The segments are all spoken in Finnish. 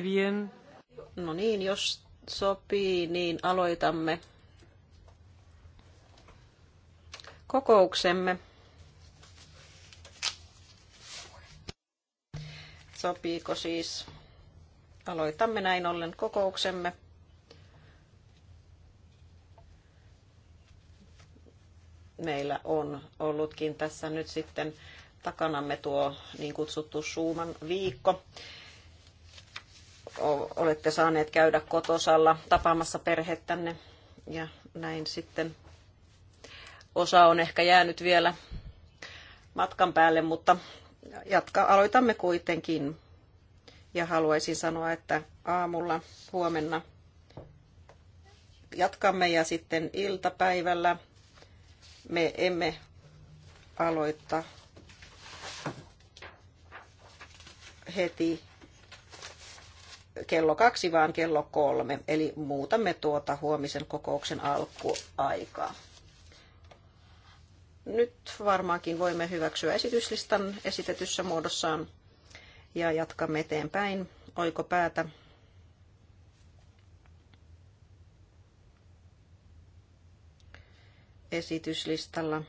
bien. No niin, jos sopii, niin aloitamme kokouksemme. Sopiiko siis? Aloitamme näin ollen kokouksemme. Meillä on ollutkin tässä nyt sitten takanamme tuo niin kutsuttu Suuman viikko olette saaneet käydä kotosalla tapaamassa perhettänne. Ja näin sitten osa on ehkä jäänyt vielä matkan päälle, mutta jatka, aloitamme kuitenkin. Ja haluaisin sanoa, että aamulla huomenna jatkamme ja sitten iltapäivällä me emme aloita heti kello kaksi, vaan kello kolme. Eli muutamme tuota huomisen kokouksen alkuaikaa. Nyt varmaankin voimme hyväksyä esityslistan esitetyssä muodossaan ja jatkamme eteenpäin. Oiko päätä? Esityslistalla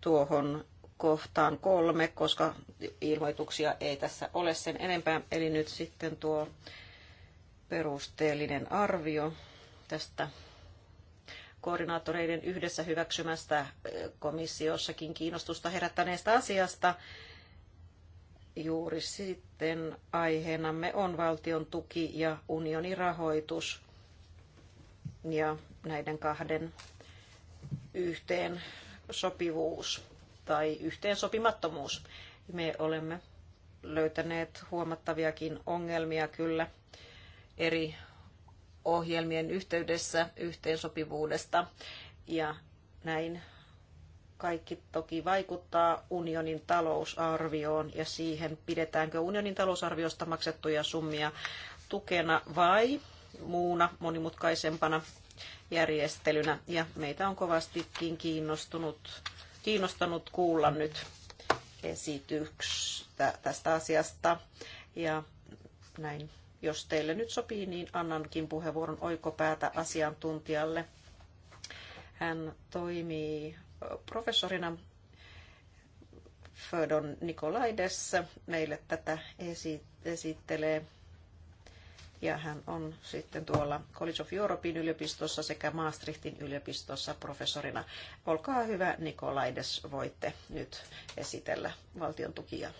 tuohon kohtaan kolme, koska ilmoituksia ei tässä ole sen enempää. Eli nyt sitten tuo perusteellinen arvio tästä koordinaattoreiden yhdessä hyväksymästä eh, komissiossakin kiinnostusta herättäneestä asiasta. Juuri sitten aiheenamme on valtion tuki ja unionirahoitus rahoitus ja näiden kahden yhteen sopivuus tai yhteensopimattomuus. Me olemme löytäneet huomattaviakin ongelmia kyllä eri ohjelmien yhteydessä yhteensopivuudesta ja näin kaikki toki vaikuttaa unionin talousarvioon ja siihen, pidetäänkö unionin talousarviosta maksettuja summia tukena vai muuna monimutkaisempana järjestelynä. Ja meitä on kovastikin kiinnostunut kiinnostanut kuulla nyt esityksestä tästä asiasta. Ja näin, jos teille nyt sopii, niin annankin puheenvuoron oikopäätä asiantuntijalle. Hän toimii professorina Födon Nikolaides. Meille tätä esittelee ja hän on sitten tuolla College of Europein yliopistossa sekä Maastrichtin yliopistossa professorina. Olkaa hyvä Nikolaides, voitte nyt esitellä valtion tukia.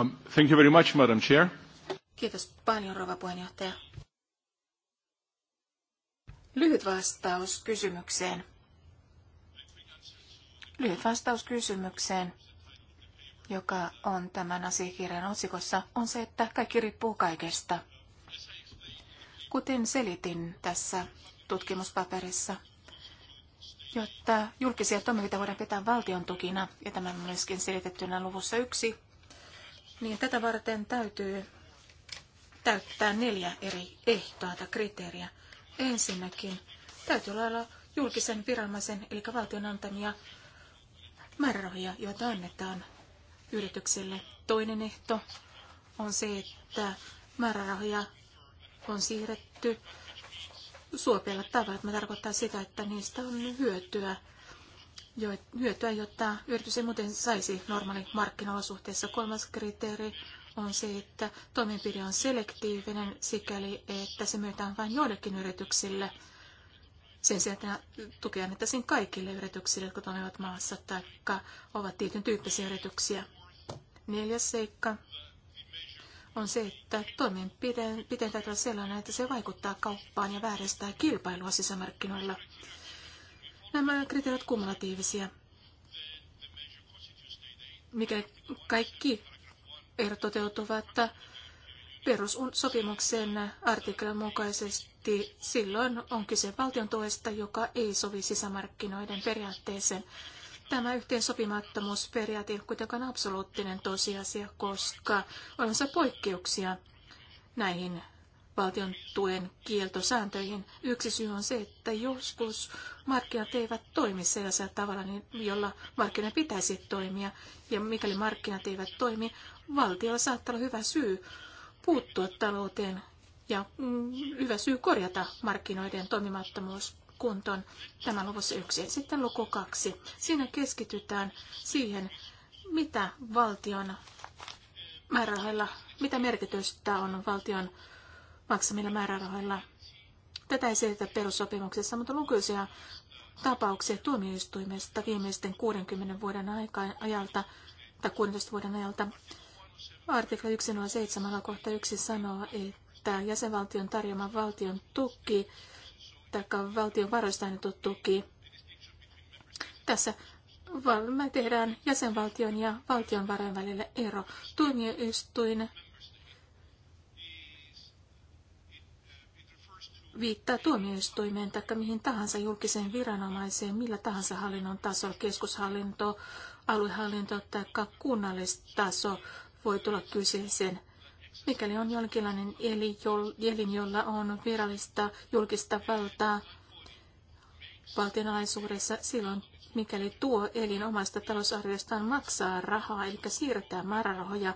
Um, thank you very much, Madam Chair. Kiitos paljon, rouva puheenjohtaja. Lyhyt vastaus kysymykseen. Lyhyt vastaus kysymykseen, joka on tämän asiakirjan otsikossa, on se, että kaikki riippuu kaikesta. Kuten selitin tässä tutkimuspaperissa, jotta julkisia toimivita voidaan pitää valtion tukina, ja tämä on myöskin selitettynä luvussa yksi, niin tätä varten täytyy täyttää neljä eri ehtoa tai kriteeriä. Ensinnäkin täytyy olla julkisen viranomaisen, eli valtion antamia määrärahoja, joita annetaan yrityksille. Toinen ehto on se, että määrärahoja on siirretty suopeilla tavalla. Me tarkoittaa sitä, että niistä on hyötyä, jo, hyötyä jotta yritys ei muuten saisi normaali markkinaolosuhteissa. Kolmas kriteeri on se, että toimenpide on selektiivinen sikäli, että se myötään vain joillekin yrityksille – sen sijaan, että tukea annettaisiin kaikille yrityksille, jotka toimivat maassa tai ovat tietyn tyyppisiä yrityksiä. Neljäs seikka on se, että toimenpiteen täytyy olla sellainen, että se vaikuttaa kauppaan ja vääristää kilpailua sisämarkkinoilla. Nämä kriteerit ovat kumulatiivisia. Mikä kaikki ehdot toteutuvat, perussopimuksen artiklan mukaisesti silloin on kyse valtion tuesta, joka ei sovi sisämarkkinoiden periaatteeseen. Tämä yhteensopimattomuusperiaate ei ole kuitenkaan absoluuttinen tosiasia, koska olemassa poikkeuksia näihin valtion tuen kieltosääntöihin. Yksi syy on se, että joskus markkinat eivät toimi sellaisella tavalla, niin jolla markkinoiden pitäisi toimia. Ja mikäli markkinat eivät toimi, valtiolla saattaa olla hyvä syy puuttua talouteen ja mm, hyvä syy korjata markkinoiden toimimattomuus kuntoon. Tämä luvussa yksi. ja Sitten luku kaksi. Siinä keskitytään siihen, mitä valtion määrärahoilla, mitä merkitystä on valtion maksamilla määrärahoilla. Tätä ei selitä perussopimuksessa, mutta lukuisia tapauksia tuomioistuimesta viimeisten 60 vuoden aika, ajalta tai 16 vuoden ajalta Artikla 107 alakohta 1 sanoo, että jäsenvaltion tarjoama valtion tuki tai valtion varoista annettu tuki. Tässä me tehdään jäsenvaltion ja valtion varojen välillä ero. Tuomioistuin viittaa tuomioistuimeen tai mihin tahansa julkiseen viranomaiseen, millä tahansa hallinnon tasolla, keskushallinto, aluehallinto tai kunnallistaso voi tulla kyseeseen, mikäli on jonkinlainen elin, jolla on virallista julkista valtaa valtionalaisuudessa, silloin mikäli tuo elin omasta talousarviostaan maksaa rahaa, eli siirtää määrärahoja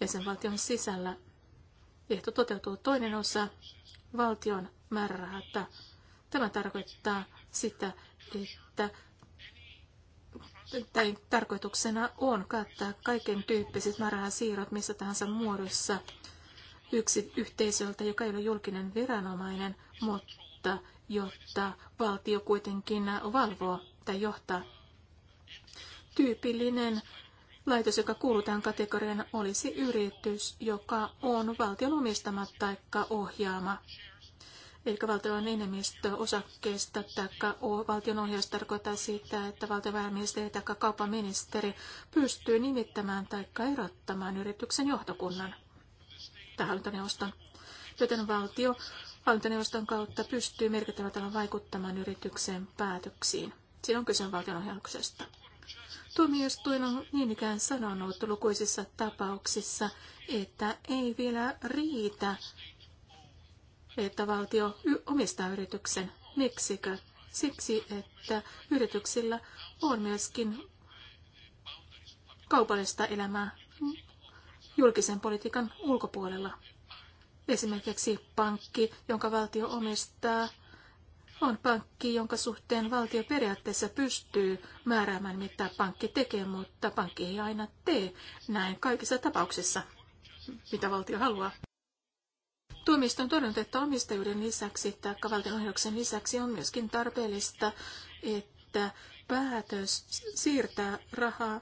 jäsenvaltion sisällä. Ehto toteutuu toinen osa valtion määrärahata. Tämä tarkoittaa sitä, että tai tarkoituksena on kattaa kaiken tyyppiset siirrot missä tahansa muodossa yksi yhteisöltä, joka ei ole julkinen viranomainen, mutta jotta valtio kuitenkin valvoo tai johtaa. Tyypillinen laitos, joka kuuluu tähän kategoriaan, olisi yritys, joka on valtion omistama tai ohjaama Eli valtion enemmistö osakkeista tai valtion ohjaus tarkoittaa sitä, että valtiovarainministeri tai kaupaministeri pystyy nimittämään tai erottamaan yrityksen johtokunnan tai hallintoneuvoston. Joten valtio hallintoneuvoston kautta pystyy merkittävällä tavalla vaikuttamaan yrityksen päätöksiin. Siinä on kyse valtionohjauksesta. Tuomioistuin on niin ikään sanonut lukuisissa tapauksissa, että ei vielä riitä, että valtio omistaa yrityksen. Miksikö? Siksi, että yrityksillä on myöskin kaupallista elämää julkisen politiikan ulkopuolella. Esimerkiksi pankki, jonka valtio omistaa, on pankki, jonka suhteen valtio periaatteessa pystyy määräämään, mitä pankki tekee, mutta pankki ei aina tee näin kaikissa tapauksissa, mitä valtio haluaa. Tuomioistuin on todennut, että omistajuuden lisäksi tai valtionohjauksen lisäksi on myöskin tarpeellista, että päätös siirtää rahaa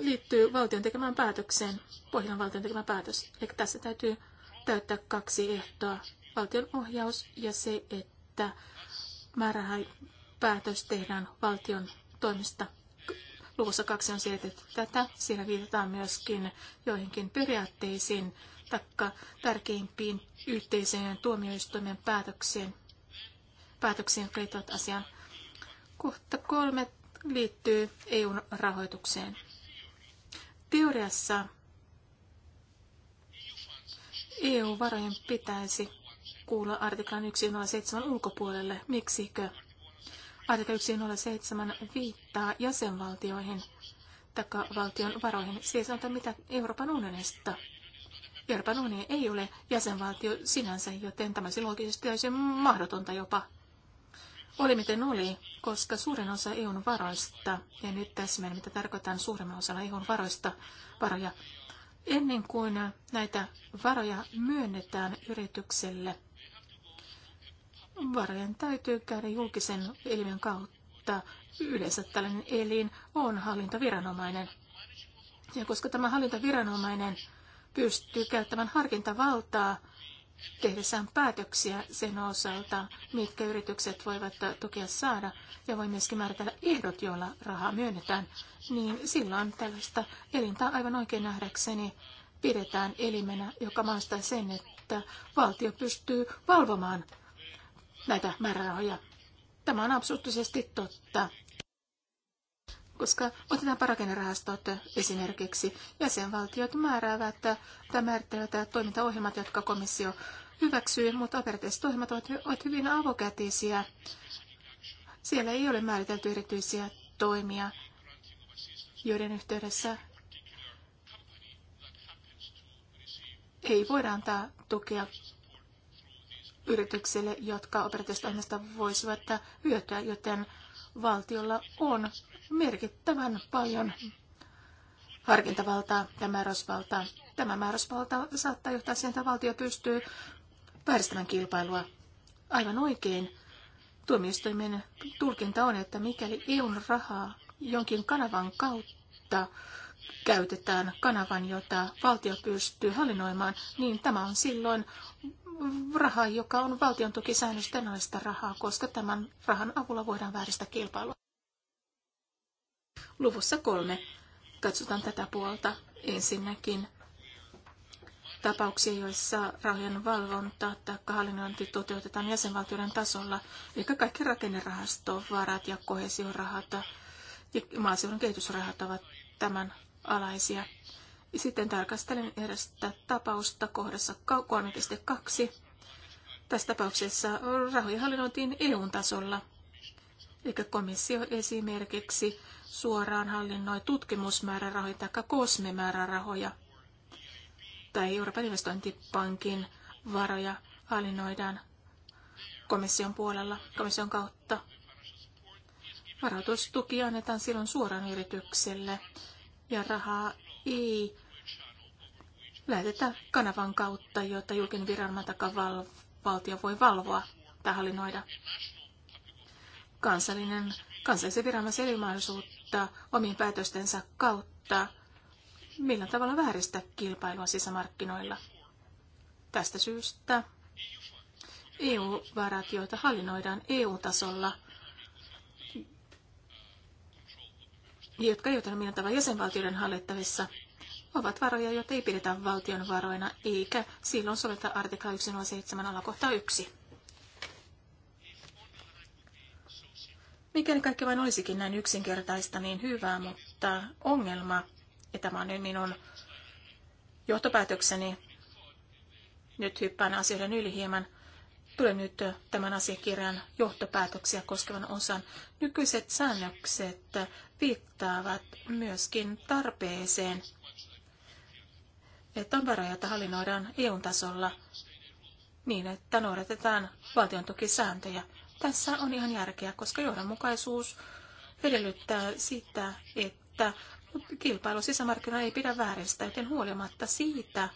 liittyy valtion tekemään päätökseen, Pohjan valtion tekemään päätös. Eli tässä täytyy täyttää kaksi ehtoa, valtion ohjaus ja se, että määrähäpäätös tehdään valtion toimista. Luvussa kaksi on se, että tätä. Siinä viitataan myöskin joihinkin periaatteisiin, taikka tärkeimpiin yhteisöjen tuomioistuimen päätöksiin, päätöksiin jotka liittyvät asiaan. Kohta kolme liittyy EUn rahoitukseen. Teoriassa EU-varojen pitäisi kuulla artiklan 107 ulkopuolelle. Miksikö? Artikla 107 viittaa jäsenvaltioihin taikka valtion varoihin. Se siis ei sanota mitä Euroopan unionista. Euroopan unioni ei ole jäsenvaltio sinänsä, joten tämä olisi loogisesti täysin mahdotonta jopa. Oli miten oli, koska suurin osa EUn varoista, ja nyt täsmään mitä tarkoitan suurimman osalla EUn varoista, varoja, ennen kuin näitä varoja myönnetään yritykselle, varojen täytyy käydä julkisen elimen kautta. Yleensä tällainen elin on hallintaviranomainen. Ja koska tämä hallintaviranomainen pystyy käyttämään harkintavaltaa tehdessään päätöksiä sen osalta, mitkä yritykset voivat tukea saada, ja voi myöskin määritellä ehdot, joilla rahaa myönnetään, niin silloin tällaista elintää aivan oikein nähdäkseni pidetään elimenä, joka mahdollistaa sen, että valtio pystyy valvomaan näitä määrärahoja. Tämä on absoluuttisesti totta koska otetaanpa rakennerahastot esimerkiksi. Jäsenvaltiot määräävät tai määrittelevät toimintaohjelmat, jotka komissio hyväksyy, mutta operatiiviset ohjelmat ovat hyvin avokätisiä. Siellä ei ole määritelty erityisiä toimia, joiden yhteydessä ei voida antaa tukea yrityksille, jotka operatiivisesta ohjelmasta voisivat hyötyä, joten valtiolla on merkittävän paljon harkintavaltaa ja määräysvaltaa. Tämä määräysvalta saattaa johtaa siihen, että valtio pystyy vääristämään kilpailua. Aivan oikein. Tuomioistuimen tulkinta on, että mikäli EUn rahaa jonkin kanavan kautta käytetään kanavan, jota valtio pystyy hallinnoimaan, niin tämä on silloin raha, joka on valtion tukisäännösten rahaa, koska tämän rahan avulla voidaan vääristää kilpailua. Luvussa kolme katsotaan tätä puolta ensinnäkin tapauksia, joissa rahojen valvonta tai hallinnointi toteutetaan jäsenvaltioiden tasolla, eli kaikki varat ja kohesiorahat ja maaseudun kehitysrahat ovat tämän alaisia. Sitten tarkastelen erästä tapausta kohdassa 3.2. Tässä tapauksessa rahoja hallinnointiin eu tasolla, eli komissio esimerkiksi suoraan hallinnoi tutkimusmäärärahoja tai kosmimäärärahoja tai Euroopan investointipankin varoja hallinnoidaan komission puolella, komission kautta. Varoitustuki annetaan silloin suoraan yritykselle ja rahaa ei lähetetä kanavan kautta, jota julkinen viranomainen val- valtio voi valvoa tai hallinnoida. Kansallinen kansallisen viranomaisen ilmaisuutta omien päätöstensä kautta millä tavalla vääristää kilpailua sisämarkkinoilla. Tästä syystä EU-varat, joita hallinnoidaan EU-tasolla, jotka eivät ole millään tavalla jäsenvaltioiden hallittavissa, ovat varoja, joita ei pidetä valtion varoina, eikä silloin soveta artikla 107 alakohta 1. Mikäli kaikki vain olisikin näin yksinkertaista, niin hyvää, mutta ongelma, ja tämä on nyt minun johtopäätökseni, nyt hyppään asioiden yli hieman, tulen nyt tämän asiakirjan johtopäätöksiä koskevan osan. Nykyiset säännökset viittaavat myöskin tarpeeseen, että on varoja, että hallinnoidaan EU-tasolla niin, että noudatetaan valtion tukisääntöjä. Tässä on ihan järkeä, koska johdonmukaisuus edellyttää sitä, että kilpailu sisämarkkinoilla ei pidä vääristä, joten huolimatta siitä,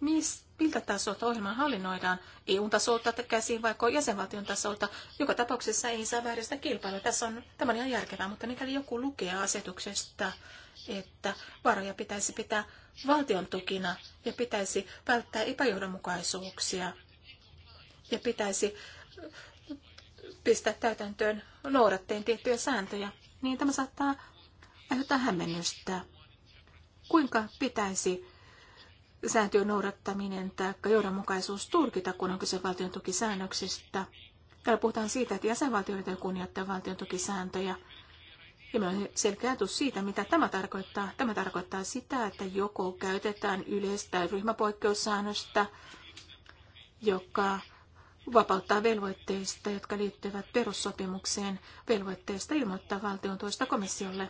mis, miltä tasolta ohjelmaa hallinnoidaan, EU-tasolta käsiin vaikka jäsenvaltion tasolta, joka tapauksessa ei saa vääristä kilpailua. Tässä on, tämä on ihan järkevää, mutta mikäli joku lukee asetuksesta, että varoja pitäisi pitää valtion tukina ja pitäisi välttää epäjohdonmukaisuuksia ja pitäisi pistää täytäntöön noudatteen tiettyjä sääntöjä, niin tämä saattaa aiheuttaa hämmennystä. Kuinka pitäisi sääntöjen noudattaminen tai johdonmukaisuus tulkita, kun on kyse valtion tukisäännöksistä? Täällä puhutaan siitä, että jäsenvaltioita kunnioittaa valtion tukisääntöjä. Ja meillä on selkeä ajatus siitä, mitä tämä tarkoittaa. Tämä tarkoittaa sitä, että joko käytetään yleistä ryhmäpoikkeussäännöstä, joka vapauttaa velvoitteista, jotka liittyvät perussopimukseen velvoitteista ilmoittaa valtion toista komissiolle.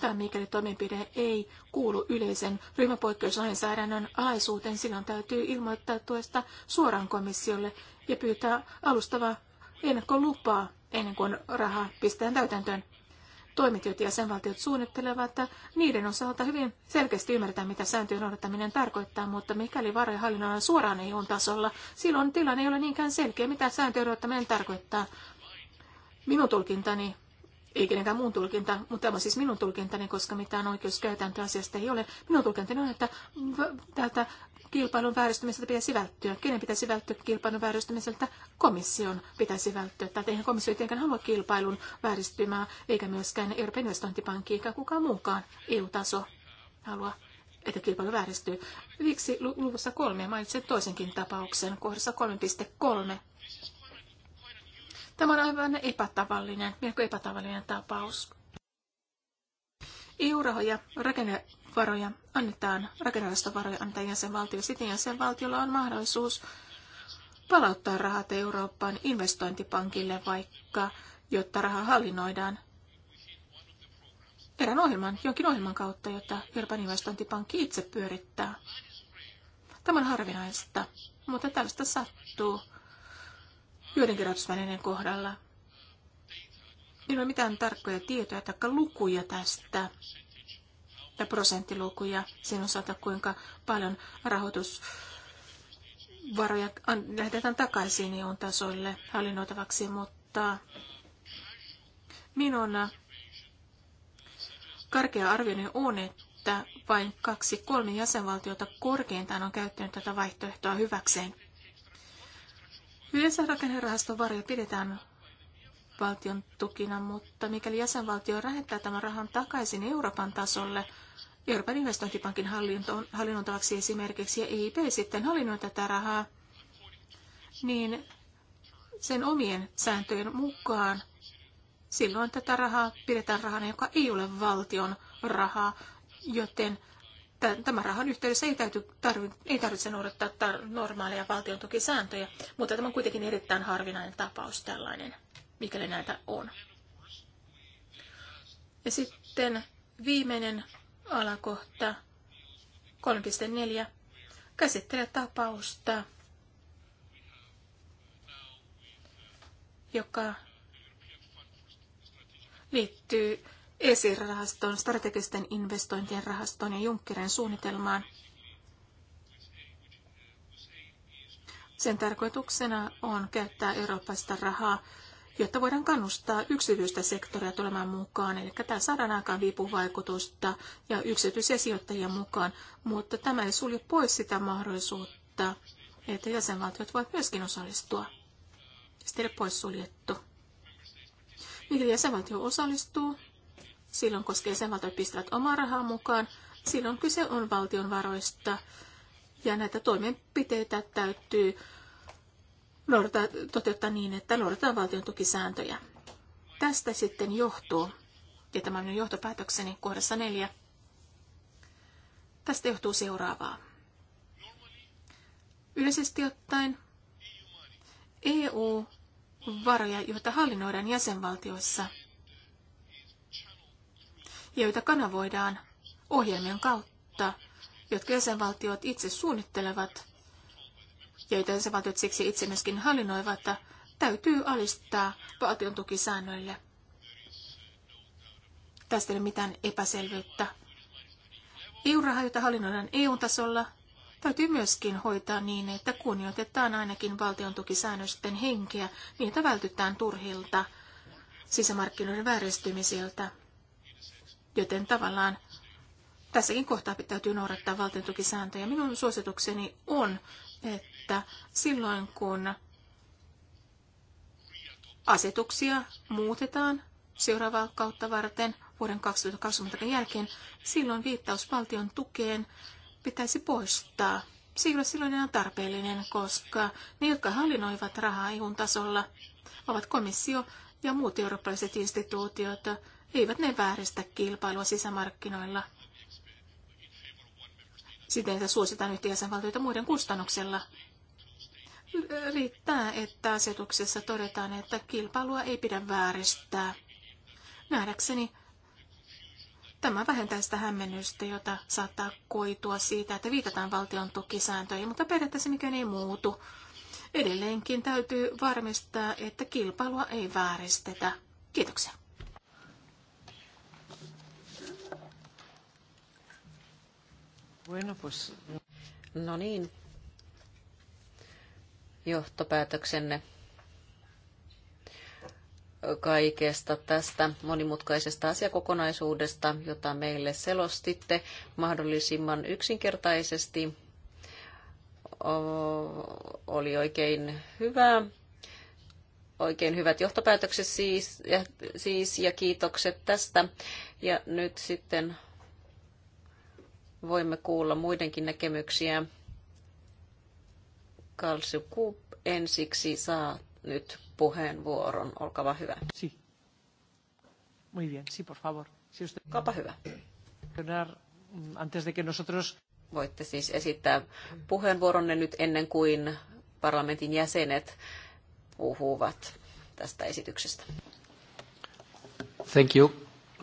Tämä mikäli toimenpide ei kuulu yleisen ryhmäpoikkeuslainsäädännön alaisuuteen, silloin täytyy ilmoittaa tuosta suoraan komissiolle ja pyytää alustavaa ennakkolupaa ennen kuin raha pistetään täytäntöön toimit, joita jäsenvaltiot suunnittelevat, että niiden osalta hyvin selkeästi ymmärtää, mitä sääntöjen noudattaminen tarkoittaa, mutta mikäli varojenhallinnon on suoraan EUn tasolla silloin tilanne ei ole niinkään selkeä, mitä sääntöjen noudattaminen tarkoittaa. Minun tulkintani ei kenenkään muun tulkinta, mutta tämä on siis minun tulkintani, koska mitään oikeuskäytäntöä asiasta ei ole. Minun tulkintani on, että tältä kilpailun vääristymiseltä pitäisi välttyä. Kenen pitäisi välttyä kilpailun vääristymiseltä? Komission pitäisi välttyä. Tätä eihän komissio tietenkään halua kilpailun vääristymää, eikä myöskään Euroopan investointipankki eikä kukaan muukaan EU-taso halua että kilpailu vääristyy. Viksi luvussa kolme mainitsen toisenkin tapauksen, kohdassa 3.3. Tämä on aivan epätavallinen, melko epätavallinen tapaus. EU-rahoja, rakennevaroja annetaan, rakennerahastovaroja antaa jäsenvaltio. Sitten jäsenvaltiolla on mahdollisuus palauttaa rahat Euroopan investointipankille vaikka, jotta raha hallinnoidaan erään ohjelman, jonkin ohjelman kautta, jota Euroopan investointipankki itse pyörittää. Tämä on harvinaista, mutta tällaista sattuu joidenkin rahoitusvälineiden kohdalla. Ei ole mitään tarkkoja tietoja tai lukuja tästä ja prosenttilukuja sen osalta, kuinka paljon rahoitusvaroja lähetetään takaisin EU-tasolle hallinnoitavaksi, mutta minun karkea arvioni on, että vain kaksi kolme jäsenvaltiota korkeintaan on käyttänyt tätä vaihtoehtoa hyväkseen. Yleensä rakennerahaston varjo pidetään valtion tukina, mutta mikäli jäsenvaltio lähettää tämän rahan takaisin Euroopan tasolle, Euroopan investointipankin hallinnoitavaksi esimerkiksi, ja EIP sitten hallinnoi tätä rahaa, niin sen omien sääntöjen mukaan silloin tätä rahaa pidetään rahana, joka ei ole valtion rahaa, joten tämän rahan yhteydessä ei, täytyy, tarvi, ei tarvitse noudattaa normaaleja valtion tukisääntöjä, mutta tämä on kuitenkin erittäin harvinainen tapaus tällainen, mikäli näitä on. Ja sitten viimeinen alakohta 3.4 käsittelee tapausta, joka liittyy ESIR-rahaston, strategisten investointien rahaston ja Junckerin suunnitelmaan. Sen tarkoituksena on käyttää Euroopasta rahaa, jotta voidaan kannustaa yksityistä sektoria tulemaan mukaan. Eli tämä saadaan aikaan viipuvaikutusta ja yksityisiä sijoittajia mukaan, mutta tämä ei sulje pois sitä mahdollisuutta, että jäsenvaltiot voivat myöskin osallistua. Sitten pois suljettu. Mikäli jäsenvaltio osallistuu, silloin koska jäsenvaltiot pistävät omaa rahaa mukaan, silloin kyse on valtion varoista ja näitä toimenpiteitä täytyy noudata, toteuttaa niin, että noudataan valtion tukisääntöjä. Tästä sitten johtuu, ja tämä on johtopäätökseni kohdassa neljä, tästä johtuu seuraavaa. Yleisesti ottaen EU-varoja, joita hallinnoidaan jäsenvaltioissa – joita kanavoidaan ohjelmien kautta, jotka jäsenvaltiot itse suunnittelevat ja joita jäsenvaltiot siksi itse myöskin hallinnoivat, täytyy alistaa valtion tukisäännöille. Tästä ei ole mitään epäselvyyttä. EU-raha, jota hallinnoidaan EU-tasolla, täytyy myöskin hoitaa niin, että kunnioitetaan ainakin valtion tukisäännösten henkeä, niitä vältytään turhilta sisämarkkinoiden vääristymisiltä Joten tavallaan tässäkin kohtaa täytyy noudattaa valtiontukisääntöjä. Minun suositukseni on, että silloin kun asetuksia muutetaan seuraavaa kautta varten vuoden 2020 jälkeen, silloin viittaus valtion tukeen pitäisi poistaa. Se ei silloin enää tarpeellinen, koska ne, jotka hallinnoivat rahaa eu tasolla, ovat komissio ja muut eurooppalaiset instituutiot, eivät ne vääristä kilpailua sisämarkkinoilla siten, että suositaan yhtä jäsenvaltioita muiden kustannuksella. Riittää, että asetuksessa todetaan, että kilpailua ei pidä vääristää. Nähdäkseni Tämä vähentää sitä hämmennystä, jota saattaa koitua siitä, että viitataan valtion tukisääntöihin, mutta periaatteessa mikään ei muutu. Edelleenkin täytyy varmistaa, että kilpailua ei vääristetä. Kiitoksia. Bueno, pues... No niin. Johtopäätöksenne kaikesta tästä monimutkaisesta asiakokonaisuudesta, jota meille selostitte mahdollisimman yksinkertaisesti. oli oikein hyvä. Oikein hyvät johtopäätökset siis ja, siis ja kiitokset tästä. Ja nyt sitten voimme kuulla muidenkin näkemyksiä. Kalsi Kup ensiksi saa nyt puheenvuoron. Olkaa hyvä. Si. Muy bien, si, por favor. Si usted... Olkaa hyvä. Mm, antes de que nosotros... Voitte siis esittää puheenvuoronne nyt ennen kuin parlamentin jäsenet puhuvat tästä esityksestä. Thank you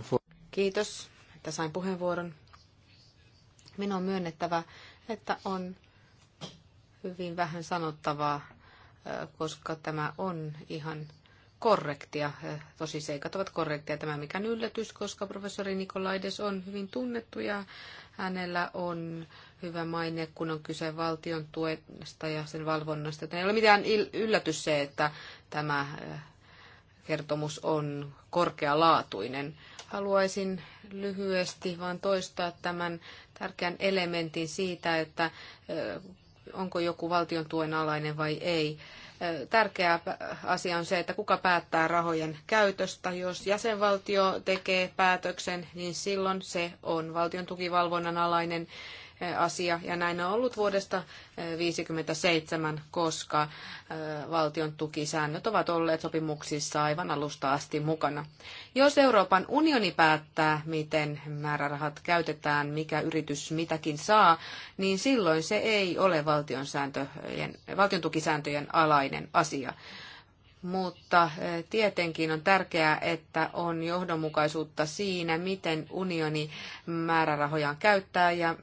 for... Kiitos, että sain puheenvuoron. Minun on myönnettävä, että on hyvin vähän sanottavaa, koska tämä on ihan korrektia. seikat ovat korrektia. Tämä mikä yllätys, koska professori Nikolaides on hyvin tunnettu ja hänellä on hyvä maine, kun on kyse valtion tuesta ja sen valvonnasta. Joten ei ole mitään yllätys se, että tämä kertomus on korkealaatuinen. Haluaisin lyhyesti vain toistaa tämän tärkeän elementin siitä, että onko joku valtion tuen alainen vai ei. Tärkeä asia on se, että kuka päättää rahojen käytöstä. Jos jäsenvaltio tekee päätöksen, niin silloin se on valtion tukivalvonnan alainen asia ja näin on ollut vuodesta 1957, eh, koska eh, valtion tukisäännöt ovat olleet sopimuksissa aivan alusta asti mukana. Jos Euroopan unioni päättää, miten määrärahat käytetään, mikä yritys mitäkin saa, niin silloin se ei ole valtion, sääntöjen, valtion tukisääntöjen alainen asia mutta eh, tietenkin on tärkeää, että on johdonmukaisuutta siinä, miten unioni määrärahojaan käyttää ja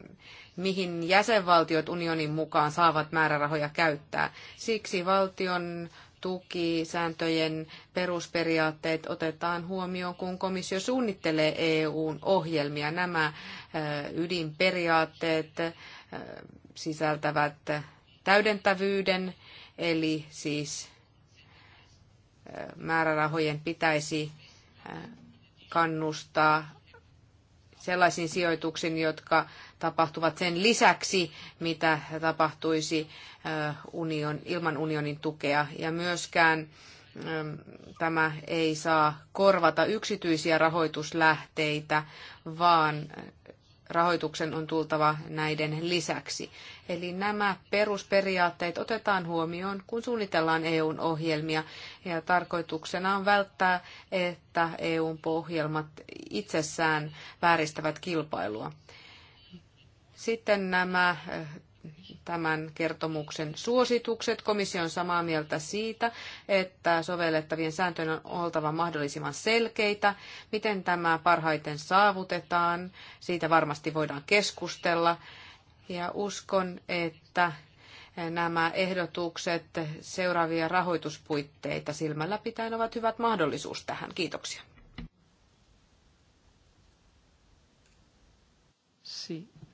mihin jäsenvaltiot unionin mukaan saavat määrärahoja käyttää. Siksi valtion tukisääntöjen perusperiaatteet otetaan huomioon, kun komissio suunnittelee EUn ohjelmia. Nämä ydinperiaatteet sisältävät täydentävyyden, eli siis määrärahojen pitäisi kannustaa sellaisiin sijoituksiin, jotka tapahtuvat sen lisäksi, mitä tapahtuisi union, ilman unionin tukea. Ja myöskään tämä ei saa korvata yksityisiä rahoituslähteitä, vaan rahoituksen on tultava näiden lisäksi. Eli nämä perusperiaatteet otetaan huomioon, kun suunnitellaan EUn ohjelmia, ja tarkoituksena on välttää, että EUn ohjelmat itsessään vääristävät kilpailua. Sitten nämä eh, tämän kertomuksen suositukset. Komissio on samaa mieltä siitä, että sovellettavien sääntöjen on oltava mahdollisimman selkeitä. Miten tämä parhaiten saavutetaan, siitä varmasti voidaan keskustella. Ja uskon, että eh, nämä ehdotukset seuraavia rahoituspuitteita silmällä pitäen ovat hyvät mahdollisuus tähän. Kiitoksia.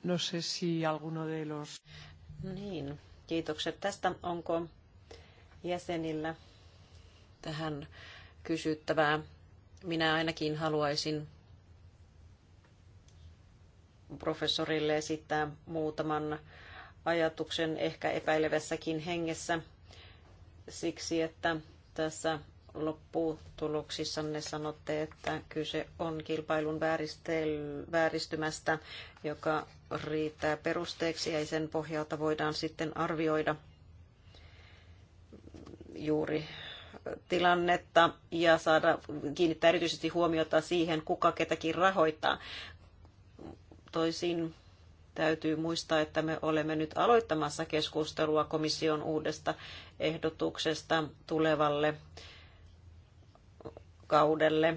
No sé si alguno de los... Niin, kiitokset tästä. Onko jäsenillä tähän kysyttävää? Minä ainakin haluaisin professorille esittää muutaman ajatuksen ehkä epäilevässäkin hengessä siksi, että tässä lopputuloksissanne sanotte, että kyse on kilpailun vääristymästä, joka riittää perusteeksi ja sen pohjalta voidaan sitten arvioida juuri tilannetta ja saada kiinnittää erityisesti huomiota siihen, kuka ketäkin rahoittaa. Toisin täytyy muistaa, että me olemme nyt aloittamassa keskustelua komission uudesta ehdotuksesta tulevalle kaudelle.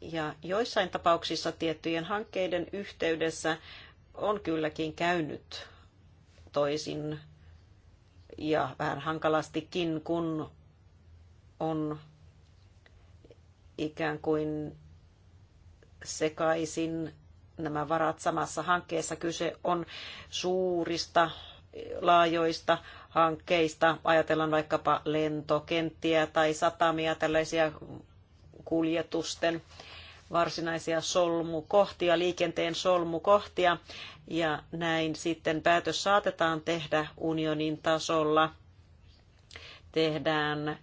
Ja joissain tapauksissa tiettyjen hankkeiden yhteydessä on kylläkin käynyt toisin ja vähän hankalastikin, kun on ikään kuin sekaisin nämä varat samassa hankkeessa. Kyse on suurista, laajoista hankkeista. Ajatellaan vaikkapa lentokenttiä tai satamia, tällaisia kuljetusten varsinaisia solmukohtia, liikenteen solmukohtia, ja näin sitten päätös saatetaan tehdä unionin tasolla. Tehdään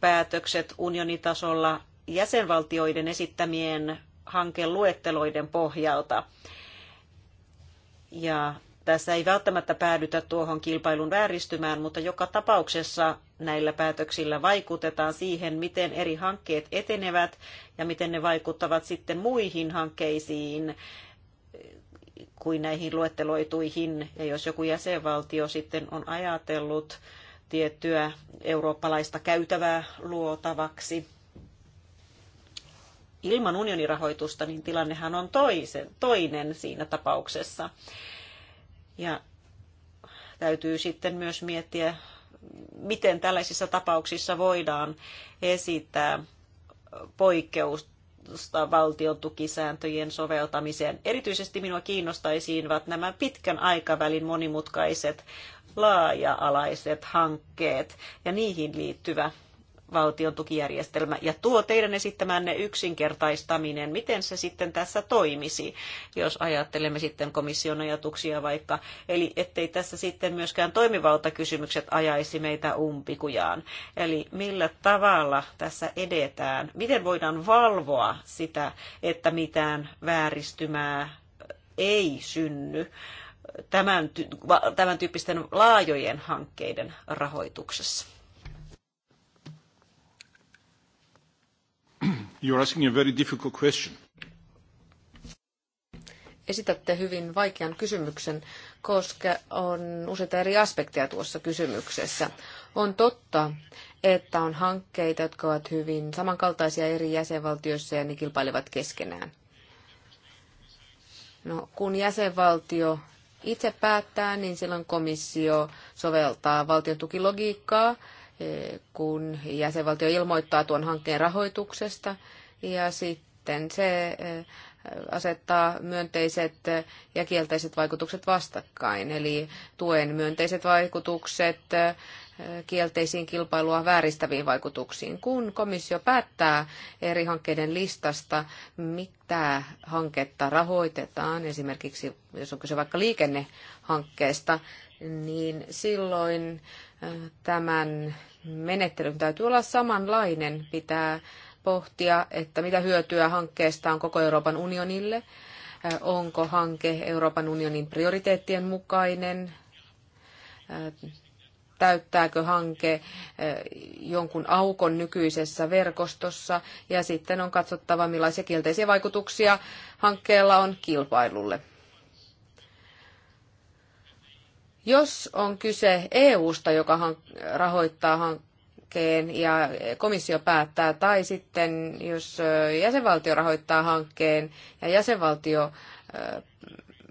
päätökset unionin tasolla jäsenvaltioiden esittämien hankeluetteloiden pohjalta. Ja tässä ei välttämättä päädytä tuohon kilpailun vääristymään, mutta joka tapauksessa näillä päätöksillä vaikutetaan siihen, miten eri hankkeet etenevät ja miten ne vaikuttavat sitten muihin hankkeisiin kuin näihin luetteloituihin. Ja jos joku jäsenvaltio sitten on ajatellut tiettyä eurooppalaista käytävää luotavaksi ilman unionirahoitusta, niin tilannehan on toisen, toinen siinä tapauksessa. Ja täytyy sitten myös miettiä miten tällaisissa tapauksissa voidaan esittää poikkeusta valtion tukisääntöjen soveltamiseen. Erityisesti minua kiinnostaisivat nämä pitkän aikavälin monimutkaiset laaja-alaiset hankkeet ja niihin liittyvä valtion tukijärjestelmä. Ja tuo teidän esittämänne yksinkertaistaminen, miten se sitten tässä toimisi, jos ajattelemme sitten komission ajatuksia vaikka. Eli ettei tässä sitten myöskään toimivaltakysymykset ajaisi meitä umpikujaan. Eli millä tavalla tässä edetään? Miten voidaan valvoa sitä, että mitään vääristymää ei synny? Tämän, tämän tyyppisten laajojen hankkeiden rahoituksessa. You're asking a very difficult question. Esitätte hyvin vaikean kysymyksen, koska on useita eri aspekteja tuossa kysymyksessä. On totta, että on hankkeita, jotka ovat hyvin samankaltaisia eri jäsenvaltioissa ja ne kilpailevat keskenään. No, kun jäsenvaltio itse päättää, niin silloin komissio soveltaa valtiotukilogiikkaa Eh, kun jäsenvaltio ilmoittaa tuon hankkeen rahoituksesta ja sitten se eh, asettaa myönteiset ja kielteiset vaikutukset vastakkain. Eli tuen myönteiset vaikutukset eh, kielteisiin kilpailua vääristäviin vaikutuksiin. Kun komissio päättää eri hankkeiden listasta, mitä hanketta rahoitetaan, esimerkiksi jos on kyse vaikka liikennehankkeesta, niin silloin äh, tämän menettelyn täytyy olla samanlainen. Pitää pohtia, että mitä hyötyä hankkeesta on koko Euroopan unionille, äh, onko hanke Euroopan unionin prioriteettien mukainen, äh, täyttääkö hanke jonkun aukon nykyisessä verkostossa ja sitten on katsottava, millaisia kielteisiä vaikutuksia hankkeella on kilpailulle. Jos on kyse EUsta, joka rahoittaa hankkeen ja komissio päättää, tai sitten jos jäsenvaltio rahoittaa hankkeen ja jäsenvaltio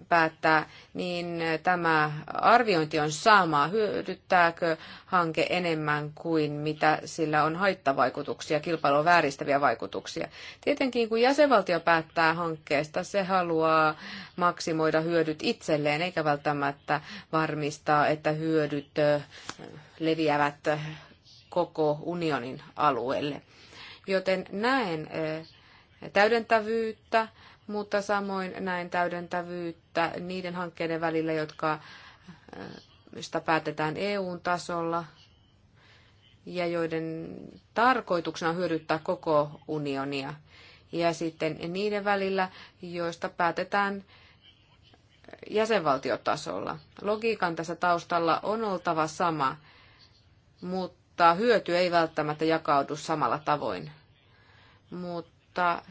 päättää, niin tämä arviointi on sama, hyödyttääkö hanke enemmän kuin mitä sillä on haittavaikutuksia, kilpailua vääristäviä vaikutuksia. Tietenkin kun jäsenvaltio päättää hankkeesta, se haluaa maksimoida hyödyt itselleen, eikä välttämättä varmistaa, että hyödyt leviävät koko unionin alueelle. Joten näen täydentävyyttä mutta samoin näin täydentävyyttä niiden hankkeiden välillä, jotka mistä päätetään EU-tasolla ja joiden tarkoituksena on hyödyttää koko unionia. Ja sitten niiden välillä, joista päätetään jäsenvaltiotasolla. Logiikan tässä taustalla on oltava sama, mutta hyöty ei välttämättä jakaudu samalla tavoin. Mutta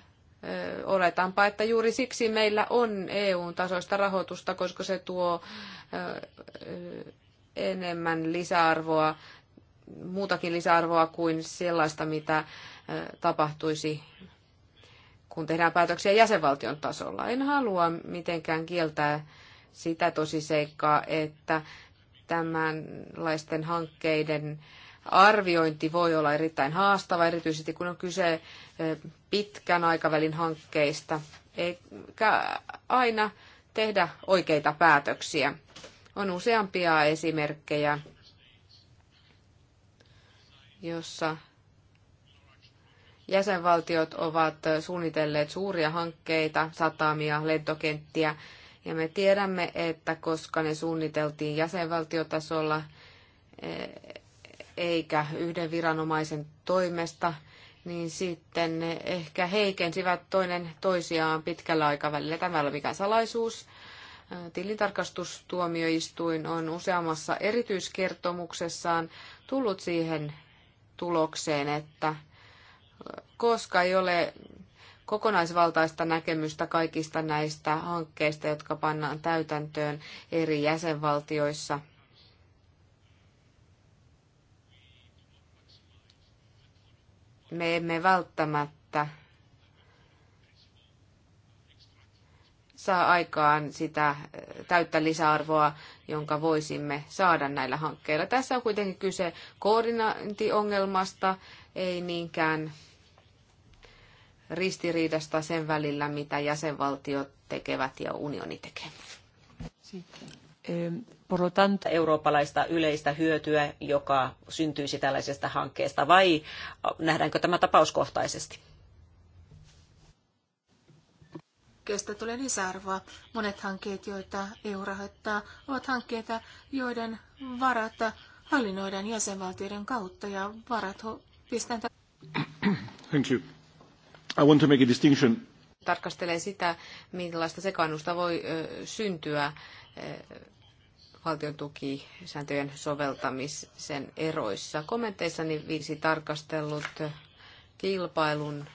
Oletanpa, että juuri siksi meillä on EU-tasoista rahoitusta, koska se tuo enemmän lisäarvoa, muutakin lisäarvoa kuin sellaista, mitä tapahtuisi, kun tehdään päätöksiä jäsenvaltion tasolla. En halua mitenkään kieltää sitä tosiseikkaa, että tämänlaisten hankkeiden äh, arviointi voi olla erittäin haastava, erityisesti kun on kyse eh, pitkän aikavälin hankkeista, eikä aina tehdä oikeita päätöksiä. On useampia esimerkkejä, jossa jäsenvaltiot ovat suunnitelleet suuria hankkeita, satamia, lentokenttiä, ja me tiedämme, että koska ne suunniteltiin jäsenvaltiotasolla, eh, eikä yhden viranomaisen toimesta, niin sitten ne ehkä heikensivät toinen toisiaan pitkällä aikavälillä. Tämä ei ole mikään salaisuus. Äh, tilintarkastustuomioistuin on useammassa erityiskertomuksessaan tullut siihen tulokseen, että äh, koska ei ole kokonaisvaltaista näkemystä kaikista näistä hankkeista, jotka pannaan täytäntöön eri jäsenvaltioissa – me emme välttämättä saa aikaan sitä täyttä lisäarvoa, jonka voisimme saada näillä hankkeilla. Tässä on kuitenkin kyse koordinointiongelmasta, ei niinkään ristiriidasta sen välillä, mitä jäsenvaltiot tekevät ja unioni tekee. Por lo tanto, eurooppalaista yleistä hyötyä, joka syntyisi tällaisesta hankkeesta, vai nähdäänkö tämä tapauskohtaisesti? Kestä tulee lisäarvoa. Monet hankkeet, joita EU rahoittaa, ovat hankkeita, joiden varat hallinnoidaan jäsenvaltioiden kautta ja varat pistetään. Thank you. I want to make a distinction. Tarkastelee sitä, millaista sekaannusta voi syntyä valtion tukisääntöjen soveltamisen eroissa. Kommenteissani viisi tarkastellut kilpailun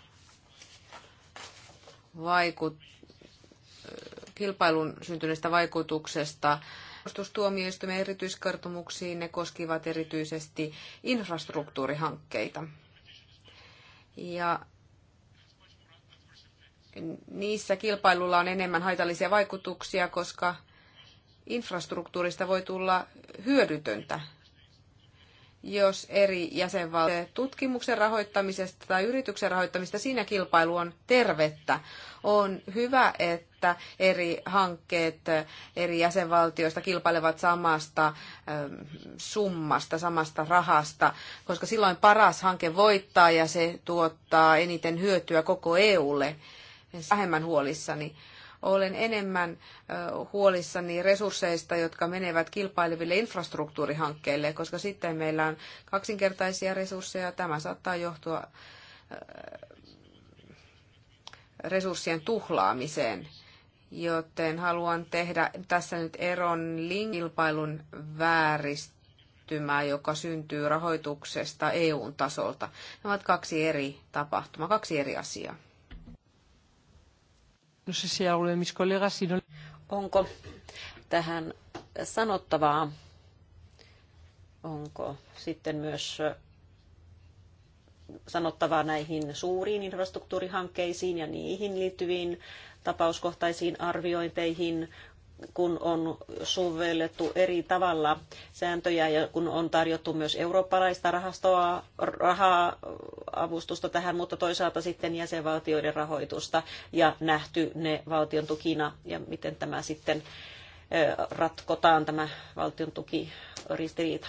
vaikut, kilpailun syntyneestä vaikutuksesta Tuomioistuimen erityiskertomuksiin ne koskivat erityisesti infrastruktuurihankkeita. Ja niissä kilpailulla on enemmän haitallisia vaikutuksia, koska infrastruktuurista voi tulla hyödytöntä, jos eri jäsenvaltioiden tutkimuksen rahoittamisesta tai yrityksen rahoittamisesta siinä kilpailu on tervettä. On hyvä, että eri hankkeet eri jäsenvaltioista kilpailevat samasta ähm, summasta, samasta rahasta, koska silloin paras hanke voittaa ja se tuottaa eniten hyötyä koko EUlle. Vähemmän huolissani olen enemmän huolissani resursseista, jotka menevät kilpaileville infrastruktuurihankkeille, koska sitten meillä on kaksinkertaisia resursseja. Tämä saattaa johtua resurssien tuhlaamiseen joten haluan tehdä tässä nyt eron kilpailun vääristymää, joka syntyy rahoituksesta eu tasolta. ne ovat kaksi eri tapahtumaa, kaksi eri asiaa. No Onko tähän sanottavaa? Onko sitten myös sanottavaa näihin suuriin infrastruktuurihankkeisiin ja niihin liittyviin tapauskohtaisiin arviointeihin? kun on sovellettu eri tavalla sääntöjä ja kun on tarjottu myös eurooppalaista rahastoa, rahaa, avustusta tähän, mutta toisaalta sitten jäsenvaltioiden rahoitusta ja nähty ne valtion tukina ja miten tämä sitten ratkotaan tämä valtion tukiristiriita.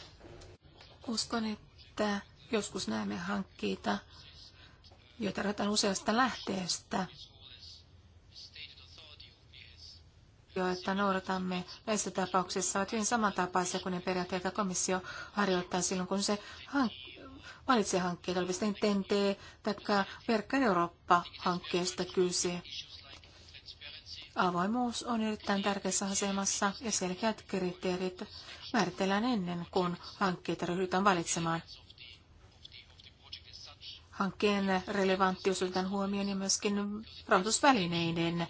Uskon, että joskus näemme hankkeita, joita rataan useasta lähteestä että noudatamme näissä tapauksissa, ovat hyvin samantapaisia kuin ne periaatteet, joita komissio harjoittaa silloin, kun se hank- valitsee hankkeet, oli sitten TNT tai Verkka Eurooppa-hankkeesta kyse. Avoimuus on erittäin tärkeässä asemassa ja selkeät kriteerit määritellään ennen kuin hankkeita ryhdytään valitsemaan. Hankkeen relevanttius otetaan huomioon ja myöskin rahoitusvälineiden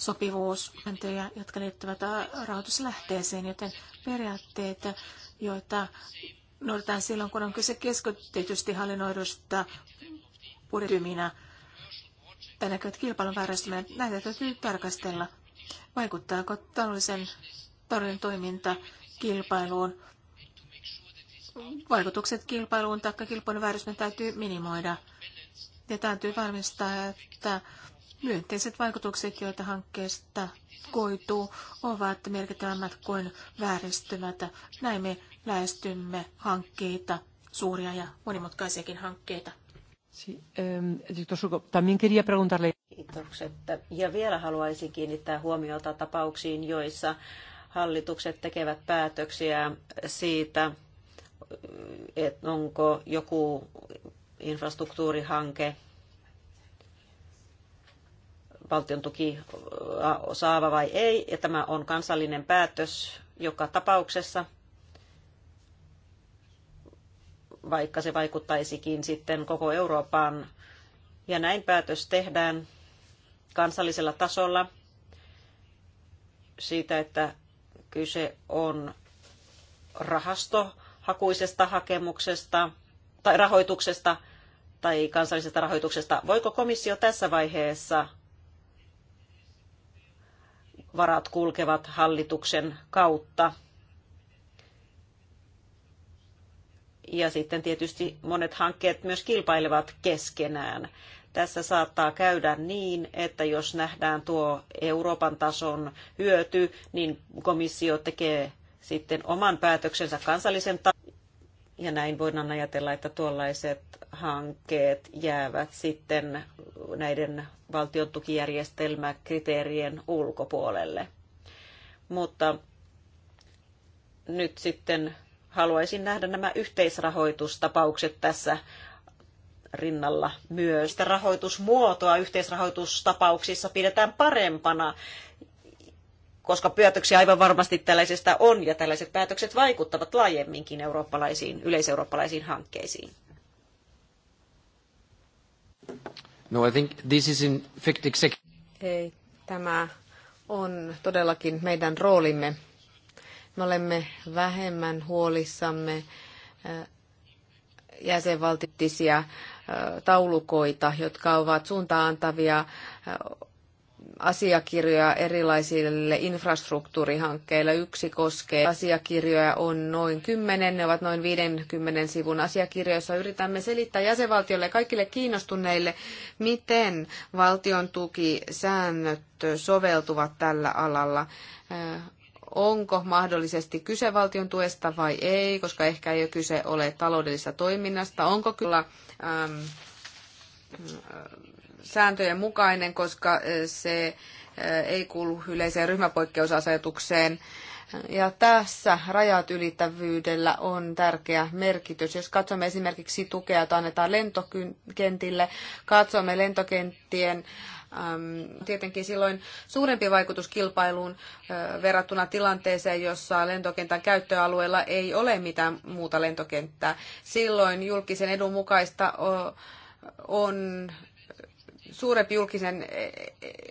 sopivuusmentoja jotka liittyvät rahoituslähteeseen, joten periaatteet, joita noudatetaan silloin, kun on kyse keskitetysti hallinnoidusta budjettiminä tai näkyvät kilpailun vääristyminen, näitä täytyy tarkastella. Vaikuttaako taloudellisen talouden toiminta kilpailuun? Vaikutukset kilpailuun tai kilpailun täytyy minimoida. Ja täytyy varmistaa, että Myönteiset vaikutukset, joita hankkeesta koituu, ovat merkittävämmät kuin vääristymät. Näin me lähestymme hankkeita, suuria ja monimutkaisiakin hankkeita. Kiitokset. Ja vielä haluaisin kiinnittää huomiota tapauksiin, joissa hallitukset tekevät päätöksiä siitä, että onko joku infrastruktuurihanke valtion tuki saava vai ei, ja tämä on kansallinen päätös joka tapauksessa, vaikka se vaikuttaisikin sitten koko Eurooppaan. Ja näin päätös tehdään kansallisella tasolla siitä, että kyse on rahastohakuisesta hakemuksesta tai rahoituksesta tai kansallisesta rahoituksesta. Voiko komissio tässä vaiheessa varat kulkevat hallituksen kautta. Ja sitten tietysti monet hankkeet myös kilpailevat keskenään. Tässä saattaa käydä niin, että jos nähdään tuo Euroopan tason hyöty, niin komissio tekee sitten oman päätöksensä kansallisen ta- ja näin voidaan ajatella, että tuollaiset hankkeet jäävät sitten näiden valtiotukijärjestelmä kriteerien ulkopuolelle. Mutta nyt sitten haluaisin nähdä nämä yhteisrahoitustapaukset tässä rinnalla myös. Sitä rahoitusmuotoa yhteisrahoitustapauksissa pidetään parempana, koska päätöksiä aivan varmasti tällaisesta on, ja tällaiset päätökset vaikuttavat laajemminkin eurooppalaisiin, yleiseurooppalaisiin hankkeisiin. No, I think this is in fact Ei, tämä on todellakin meidän roolimme. Me olemme vähemmän huolissamme äh, jäsenvaltioisia äh, taulukoita, jotka ovat suuntaantavia äh, asiakirjoja erilaisille infrastruktuurihankkeille. Yksi koskee asiakirjoja on noin 10, ne ovat noin 50 sivun asiakirjoissa. yritämme selittää jäsenvaltiolle ja kaikille kiinnostuneille, miten valtion tukisäännöt soveltuvat tällä alalla onko mahdollisesti kyse valtion tuesta vai ei, koska ehkä ei ole kyse ole taloudellisesta toiminnasta, onko kyllä ähm, sääntöjen mukainen, koska se ei kuulu yleiseen ryhmäpoikkeusasetukseen. Ja tässä rajat ylittävyydellä on tärkeä merkitys. Jos katsomme esimerkiksi tukea, jota annetaan lentokentille, katsomme lentokenttien tietenkin silloin suurempi vaikutus kilpailuun verrattuna tilanteeseen, jossa lentokentän käyttöalueella ei ole mitään muuta lentokenttää. Silloin julkisen edun mukaista on suurempi julkisen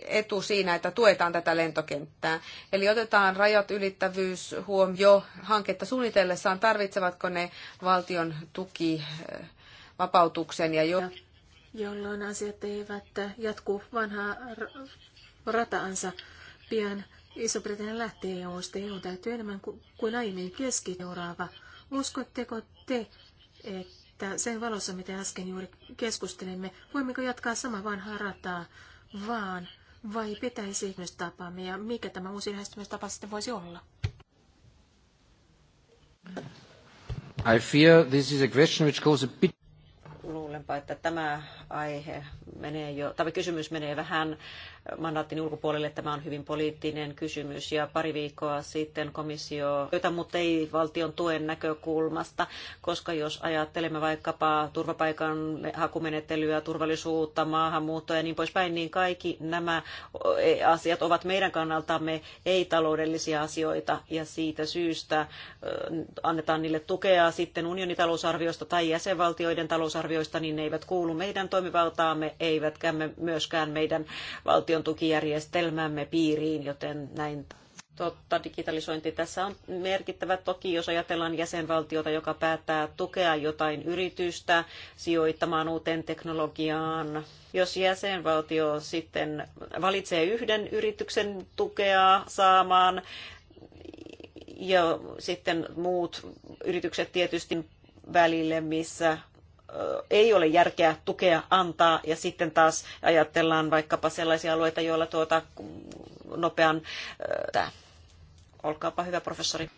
etu siinä, että tuetaan tätä lentokenttää. Eli otetaan rajat ylittävyys huomio hanketta suunnitellessaan, tarvitsevatko ne valtion tuki eh, vapautuksen ja jo... Jolloin asiat eivät jatku vanhaa rataansa pian. Iso-Britannia lähtee EU-sta. EU täytyy enemmän kuin aiemmin keski seuraava. Uskotteko te, että että sen valossa, mitä äsken juuri keskustelimme, voimmeko jatkaa sama vanhaa rataa, vaan vai pitäisi ihmistapaamme ja mikä tämä uusi lähestymistapa sitten voisi olla? I fear this is a question which goes a bit luulenpa, että tämä aihe menee jo, tämä kysymys menee vähän mandaattin ulkopuolelle. Tämä on hyvin poliittinen kysymys ja pari viikkoa sitten komissio, jota mutta ei valtion tuen näkökulmasta, koska jos ajattelemme vaikkapa turvapaikan hakumenettelyä, turvallisuutta, maahanmuuttoa ja niin poispäin, niin kaikki nämä asiat ovat meidän kannaltamme ei-taloudellisia asioita ja siitä syystä annetaan niille tukea sitten unionitalousarviosta tai jäsenvaltioiden talousarvioista niin ne eivät kuulu meidän toimivaltaamme, eivätkä me myöskään meidän valtion tukijärjestelmämme piiriin, joten näin totta, digitalisointi tässä on merkittävä. Toki jos ajatellaan jäsenvaltiota, joka päättää tukea jotain yritystä sijoittamaan uuteen teknologiaan, jos jäsenvaltio sitten valitsee yhden yrityksen tukea saamaan, ja sitten muut yritykset tietysti välille, missä ei ole järkeä tukea antaa ja sitten taas ajatellaan vaikkapa sellaisia alueita, joilla tuota nopean... Tää. Olkaapa hyvä professori.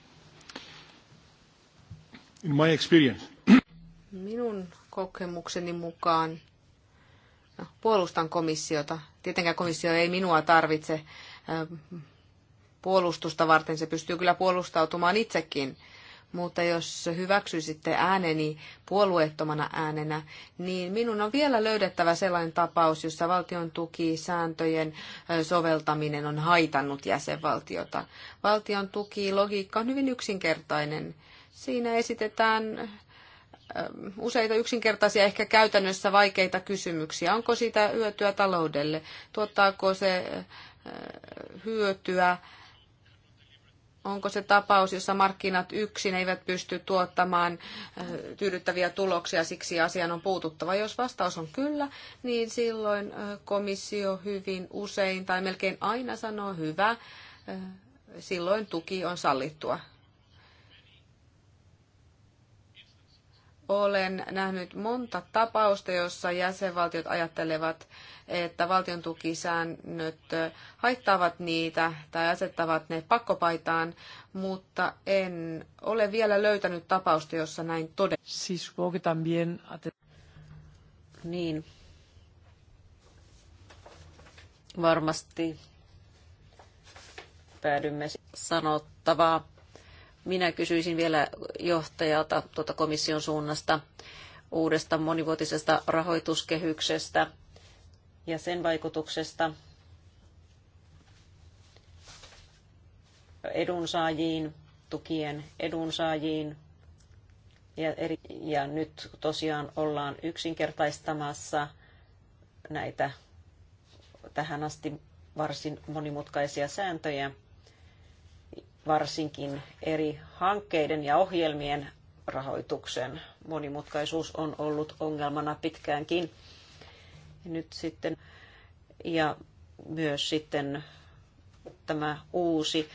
In my experience. Minun kokemukseni mukaan no, puolustan komissiota. Tietenkään komissio ei minua tarvitse puolustusta varten. Se pystyy kyllä puolustautumaan itsekin mutta jos hyväksyisitte ääneni puolueettomana äänenä, niin minun on vielä löydettävä sellainen tapaus, jossa valtion tukisääntöjen soveltaminen on haitannut jäsenvaltiota. Valtion logiikka on hyvin yksinkertainen. Siinä esitetään useita yksinkertaisia, ehkä käytännössä vaikeita kysymyksiä. Onko siitä hyötyä taloudelle? Tuottaako se hyötyä onko se tapaus, jossa markkinat yksin eivät pysty tuottamaan tyydyttäviä tuloksia, siksi asian on puututtava. Jos vastaus on kyllä, niin silloin komissio hyvin usein tai melkein aina sanoo hyvä, silloin tuki on sallittua. Olen nähnyt monta tapausta, jossa jäsenvaltiot ajattelevat, että valtion tukisäännöt haittaavat niitä tai asettavat ne pakkopaitaan, mutta en ole vielä löytänyt tapausta, jossa näin todella. Siis Niin. Varmasti päädymme sanottavaa minä kysyisin vielä johtajalta tuota komission suunnasta uudesta monivuotisesta rahoituskehyksestä ja sen vaikutuksesta edunsaajiin, tukien edunsaajiin. Ja, eri, ja nyt tosiaan ollaan yksinkertaistamassa näitä tähän asti varsin monimutkaisia sääntöjä varsinkin eri hankkeiden ja ohjelmien rahoituksen monimutkaisuus on ollut ongelmana pitkäänkin. Nyt sitten, ja myös sitten tämä uusi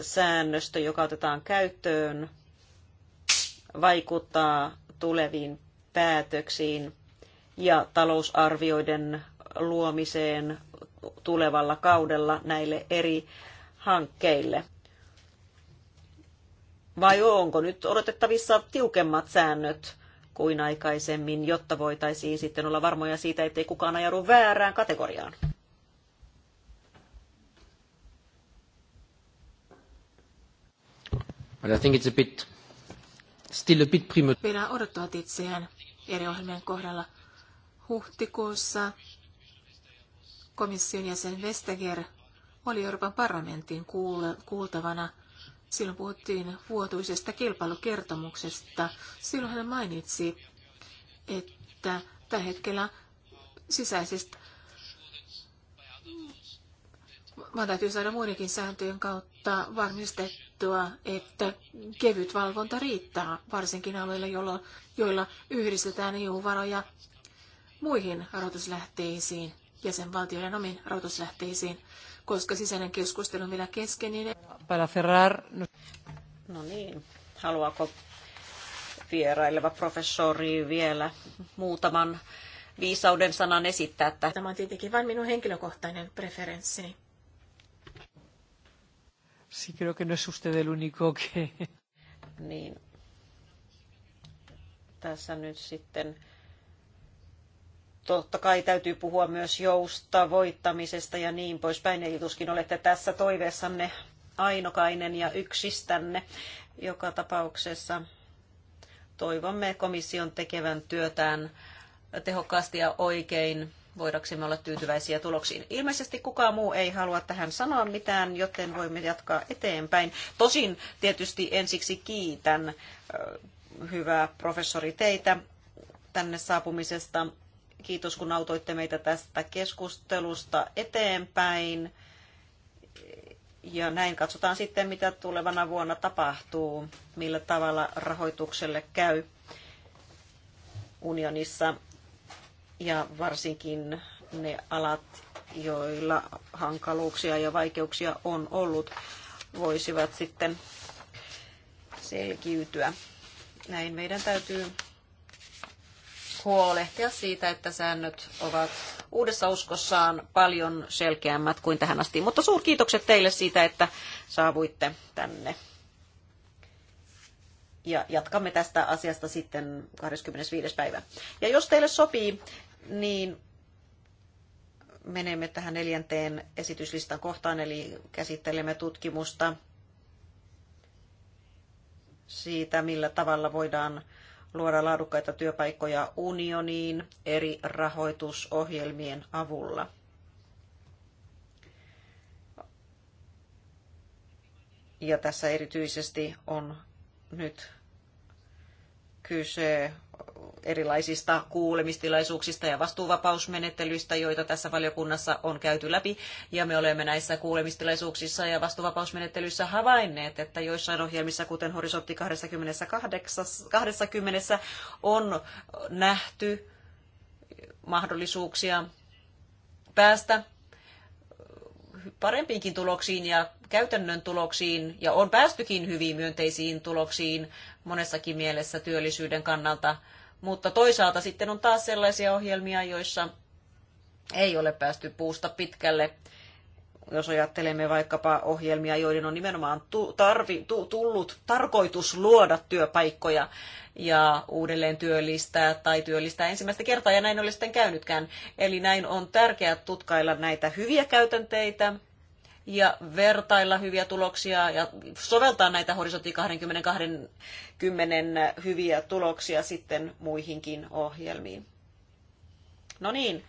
säännöstö, joka otetaan käyttöön, vaikuttaa tuleviin päätöksiin ja talousarvioiden luomiseen tulevalla kaudella näille eri hankkeille vai onko nyt odotettavissa tiukemmat säännöt kuin aikaisemmin, jotta voitaisiin sitten olla varmoja siitä, ettei kukaan ajaudu väärään kategoriaan? But I think it's a bit, still a bit odottavat itseään eri ohjelmien kohdalla. Huhtikuussa komission jäsen Vestager oli Euroopan parlamentin kuultavana – Silloin puhuttiin vuotuisesta kilpailukertomuksesta. Silloin hän mainitsi, että tällä hetkellä sisäisestä vaan täytyy saada muidenkin sääntöjen kautta varmistettua, että kevyt valvonta riittää, varsinkin alueilla, joilla, joilla yhdistetään EU-varoja muihin rahoituslähteisiin, jäsenvaltioiden omiin rahoituslähteisiin koska sisäinen keskustelu on vielä keskeninen. Niin... Para ferrar. No-, no niin, haluaako vieraileva professori vielä muutaman viisauden sanan esittää? Että... Tämä on tietenkin vain minun henkilökohtainen preferenssini. Sí, creo que no es usted el único que... Niin. Tässä nyt sitten totta kai täytyy puhua myös joustavoittamisesta ja niin poispäin. Eli tuskin olette tässä toiveessanne ainokainen ja yksistänne. Joka tapauksessa toivomme komission tekevän työtään tehokkaasti ja oikein voidaksemme olla tyytyväisiä tuloksiin. Ilmeisesti kukaan muu ei halua tähän sanoa mitään, joten voimme jatkaa eteenpäin. Tosin tietysti ensiksi kiitän hyvää professori teitä tänne saapumisesta Kiitos, kun autoitte meitä tästä keskustelusta eteenpäin. Ja näin katsotaan sitten, mitä tulevana vuonna tapahtuu, millä tavalla rahoitukselle käy unionissa ja varsinkin ne alat, joilla hankaluuksia ja vaikeuksia on ollut, voisivat sitten selkiytyä. Näin meidän täytyy huolehtia siitä, että säännöt ovat uudessa uskossaan paljon selkeämmät kuin tähän asti. Mutta suurkiitokset teille siitä, että saavuitte tänne. Ja jatkamme tästä asiasta sitten 25. päivä. Ja jos teille sopii, niin menemme tähän neljänteen esityslistan kohtaan, eli käsittelemme tutkimusta siitä, millä tavalla voidaan luoda laadukkaita työpaikkoja unioniin eri rahoitusohjelmien avulla. Ja tässä erityisesti on nyt kyse erilaisista kuulemistilaisuuksista ja vastuuvapausmenettelyistä, joita tässä valiokunnassa on käyty läpi. Ja me olemme näissä kuulemistilaisuuksissa ja vastuuvapausmenettelyissä havainneet, että joissain ohjelmissa, kuten Horisontti 28, 20, on nähty mahdollisuuksia päästä parempiinkin tuloksiin ja käytännön tuloksiin, ja on päästykin hyvin myönteisiin tuloksiin monessakin mielessä työllisyyden kannalta mutta toisaalta sitten on taas sellaisia ohjelmia, joissa ei ole päästy puusta pitkälle. Jos ajattelemme vaikkapa ohjelmia, joiden on nimenomaan tarvi, tullut tarkoitus luoda työpaikkoja ja uudelleen työllistää tai työllistää ensimmäistä kertaa, ja näin ole sitten käynytkään. Eli näin on tärkeää tutkailla näitä hyviä käytänteitä ja vertailla hyviä tuloksia ja soveltaa näitä horisontti 2020 hyviä tuloksia sitten muihinkin ohjelmiin. No niin,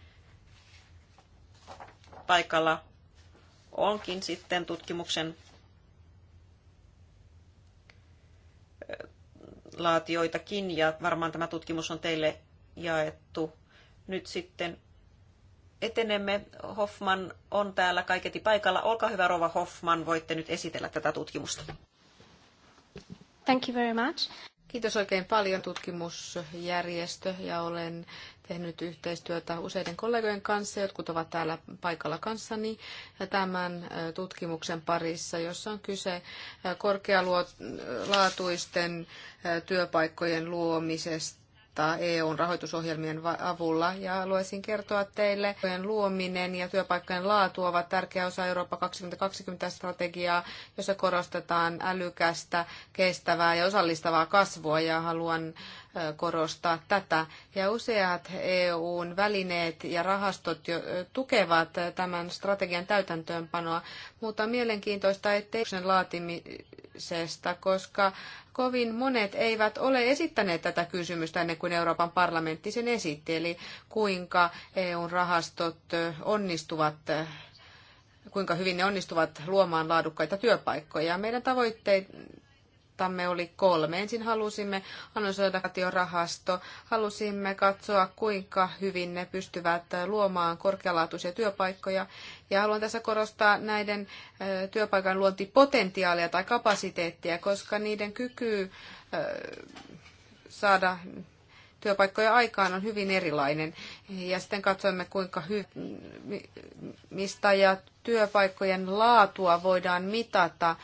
paikalla onkin sitten tutkimuksen äh, laatioitakin ja varmaan tämä tutkimus on teille jaettu. Nyt sitten etenemme. Hoffman on täällä kaiketi paikalla. Olkaa hyvä, Rova Hoffman, voitte nyt esitellä tätä tutkimusta. Thank you very much. Kiitos oikein paljon tutkimusjärjestö ja olen tehnyt yhteistyötä useiden kollegojen kanssa, jotkut ovat täällä paikalla kanssani ja tämän tutkimuksen parissa, jossa on kyse korkealaatuisten työpaikkojen luomisesta kannattaa EUn rahoitusohjelmien avulla ja haluaisin kertoa teille, että luominen ja työpaikkojen laatu ovat tärkeä osa Eurooppa 2020-strategiaa, jossa korostetaan älykästä, kestävää ja osallistavaa kasvua ja haluan korostaa tätä. Ja useat EUn välineet ja rahastot jo tukevat tämän strategian täytäntöönpanoa, mutta on mielenkiintoista, että sen kysymyksestä, koska kovin monet eivät ole esittäneet tätä kysymystä ennen kuin Euroopan parlamentti sen esitti, eli kuinka EUn rahastot onnistuvat kuinka hyvin ne onnistuvat luomaan laadukkaita työpaikkoja. Meidän tavoitteet kantamme oli kolme. Ensin halusimme analysoida rahasto, halusimme katsoa kuinka hyvin ne pystyvät luomaan korkealaatuisia työpaikkoja. Ja haluan tässä korostaa näiden työpaikan luontipotentiaalia tai kapasiteettia, koska niiden kyky saada työpaikkoja aikaan on hyvin erilainen. Ja sitten katsoimme, kuinka hy- mistä ja työpaikkojen laatua voidaan mitata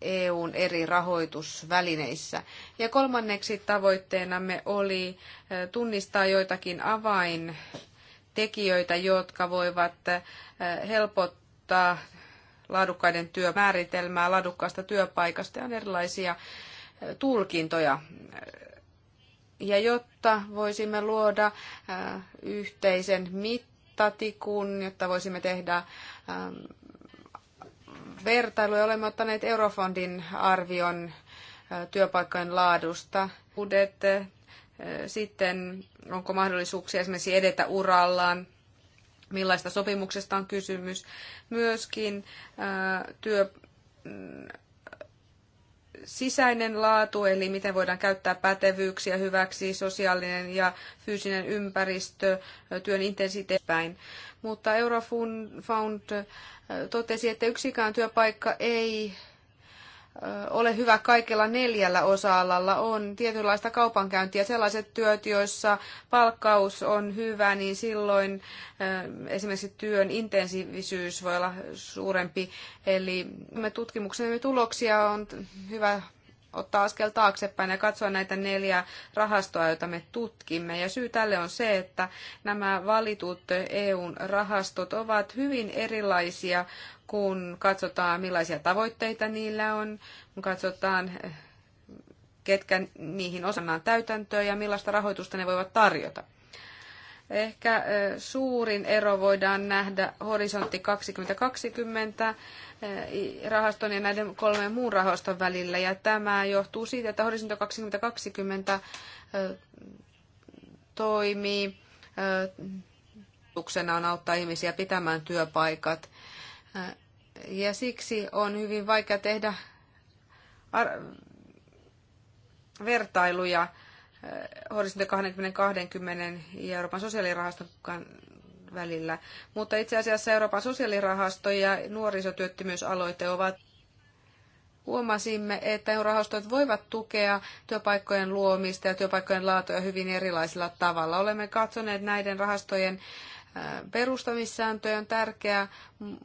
EUn eri rahoitusvälineissä. Ja kolmanneksi tavoitteenamme oli tunnistaa joitakin avaintekijöitä, jotka voivat helpottaa laadukkaiden työmääritelmää, laadukkaasta työpaikasta ja on erilaisia tulkintoja. Ja jotta voisimme luoda yhteisen mittatikun, jotta voisimme tehdä ja Olemme ottaneet Eurofondin arvion työpaikkojen laadusta. Uudet, sitten onko mahdollisuuksia esimerkiksi edetä urallaan, millaista sopimuksesta on kysymys. Myöskin työ, mm, sisäinen laatu, eli miten voidaan käyttää pätevyyksiä hyväksi, sosiaalinen ja fyysinen ympäristö, työn intensiteetti mutta Eurofound eh, totesi, että yksikään työpaikka ei eh, ole hyvä kaikilla neljällä osa-alalla. On tietynlaista kaupankäyntiä. Sellaiset työt, joissa palkkaus on hyvä, niin silloin eh, esimerkiksi työn intensiivisyys voi olla suurempi. Eli me tutkimuksemme tuloksia on hyvä ottaa askel taaksepäin ja katsoa näitä neljää rahastoa, joita me tutkimme. Ja syy tälle on se, että nämä valitut EUn rahastot ovat hyvin erilaisia, kun katsotaan millaisia tavoitteita niillä on, kun katsotaan ketkä niihin osanaan täytäntöön ja millaista rahoitusta ne voivat tarjota. Ehkä suurin ero voidaan nähdä horisontti 2020 rahaston ja näiden kolmen muun rahaston välillä. Ja tämä johtuu siitä, että Horisonto 2020 toimii. Tuksena on auttaa ihmisiä pitämään työpaikat. Ja siksi on hyvin vaikea tehdä vertailuja Horisontti 2020 ja Euroopan sosiaalirahaston välillä. Mutta itse asiassa Euroopan sosiaalirahasto ja nuorisotyöttömyysaloite ovat Huomasimme, että rahastot voivat tukea työpaikkojen luomista ja työpaikkojen laatuja hyvin erilaisilla tavalla. Olemme katsoneet näiden rahastojen perustamissääntöjä on tärkeää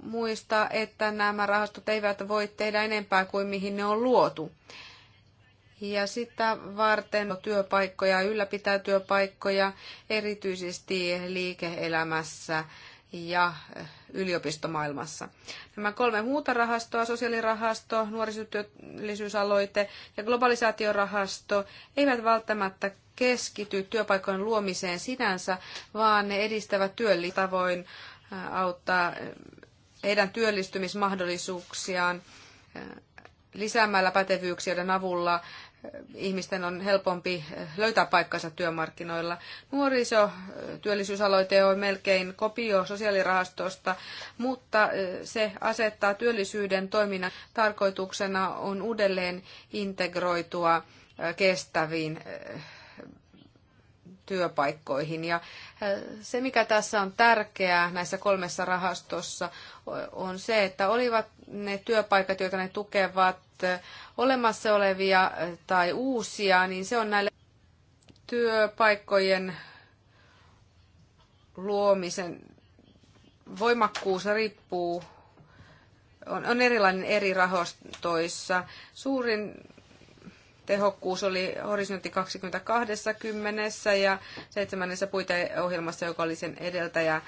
muistaa, että nämä rahastot eivät voi tehdä enempää kuin mihin ne on luotu ja sitä varten työpaikkoja, ylläpitää työpaikkoja erityisesti liike-elämässä ja eh, yliopistomaailmassa. Nämä kolme muuta rahastoa, sosiaalirahasto, nuorisotyöllisyysaloite ja globalisaatiorahasto, eivät välttämättä keskity työpaikkojen luomiseen sinänsä, vaan ne edistävät työllistavoin eh, auttaa eh, heidän työllistymismahdollisuuksiaan lisäämällä pätevyyksien avulla ihmisten on helpompi löytää paikkansa työmarkkinoilla. Nuorisotyöllisyysaloite on melkein kopio sosiaalirahastosta, mutta se asettaa työllisyyden toiminnan tarkoituksena on uudelleen integroitua kestäviin työpaikkoihin. Ja äh, se, mikä tässä on tärkeää näissä kolmessa rahastossa, on se, että olivat ne työpaikat, joita ne tukevat, äh, olemassa olevia äh, tai uusia, niin se on näille työpaikkojen luomisen voimakkuus riippuu, on, on erilainen eri rahastoissa. Suurin tehokkuus oli horisontti 2020 ja seitsemännessä puiteohjelmassa, joka oli sen edeltäjä, äh,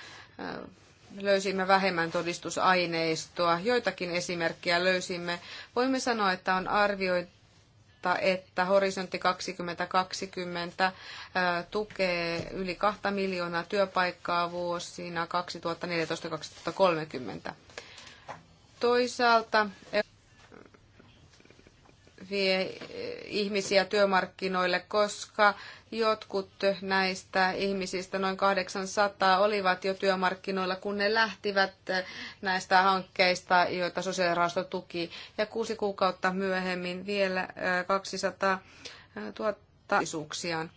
löysimme vähemmän todistusaineistoa. Joitakin esimerkkejä löysimme. Voimme sanoa, että on arvioita, että horisontti 2020 äh, tukee yli kahta miljoonaa työpaikkaa vuosina 2014-2030. Toisaalta vie eh, ihmisiä työmarkkinoille, koska jotkut näistä ihmisistä, noin 800, olivat jo työmarkkinoilla, kun ne lähtivät eh, näistä hankkeista, joita sosiaalirahasto tuki. Ja kuusi kuukautta myöhemmin vielä 200 eh, tuottaisuuksiaan.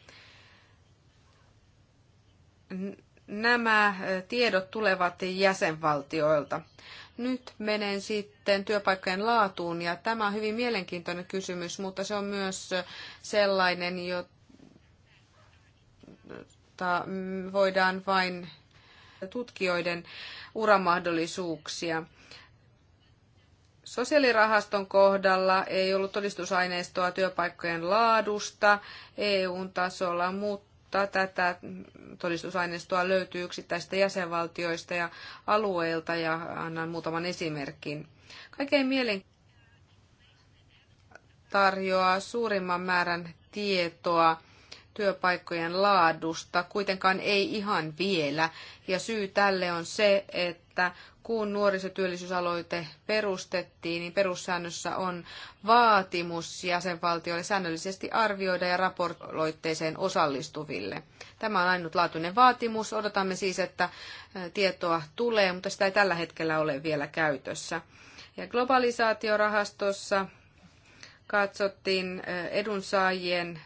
Nämä tiedot tulevat jäsenvaltioilta. Nyt menen sitten työpaikkojen laatuun ja tämä on hyvin mielenkiintoinen kysymys, mutta se on myös sellainen, jota voidaan vain tutkijoiden uramahdollisuuksia. Sosiaalirahaston kohdalla ei ollut todistusaineistoa työpaikkojen laadusta eu tasolla, mutta mutta tätä todistusaineistoa löytyy yksittäisistä jäsenvaltioista ja alueilta ja annan muutaman esimerkin. Kaikkein mielen tarjoaa suurimman määrän tietoa työpaikkojen laadusta, kuitenkaan ei ihan vielä. Ja syy tälle on se, että kun nuorisotyöllisyysaloite perustettiin, niin perussäännössä on vaatimus jäsenvaltioille säännöllisesti arvioida ja raportoitteeseen osallistuville. Tämä on ainutlaatuinen vaatimus. Odotamme siis, että tietoa tulee, mutta sitä ei tällä hetkellä ole vielä käytössä. Ja globalisaatiorahastossa katsottiin edunsaajien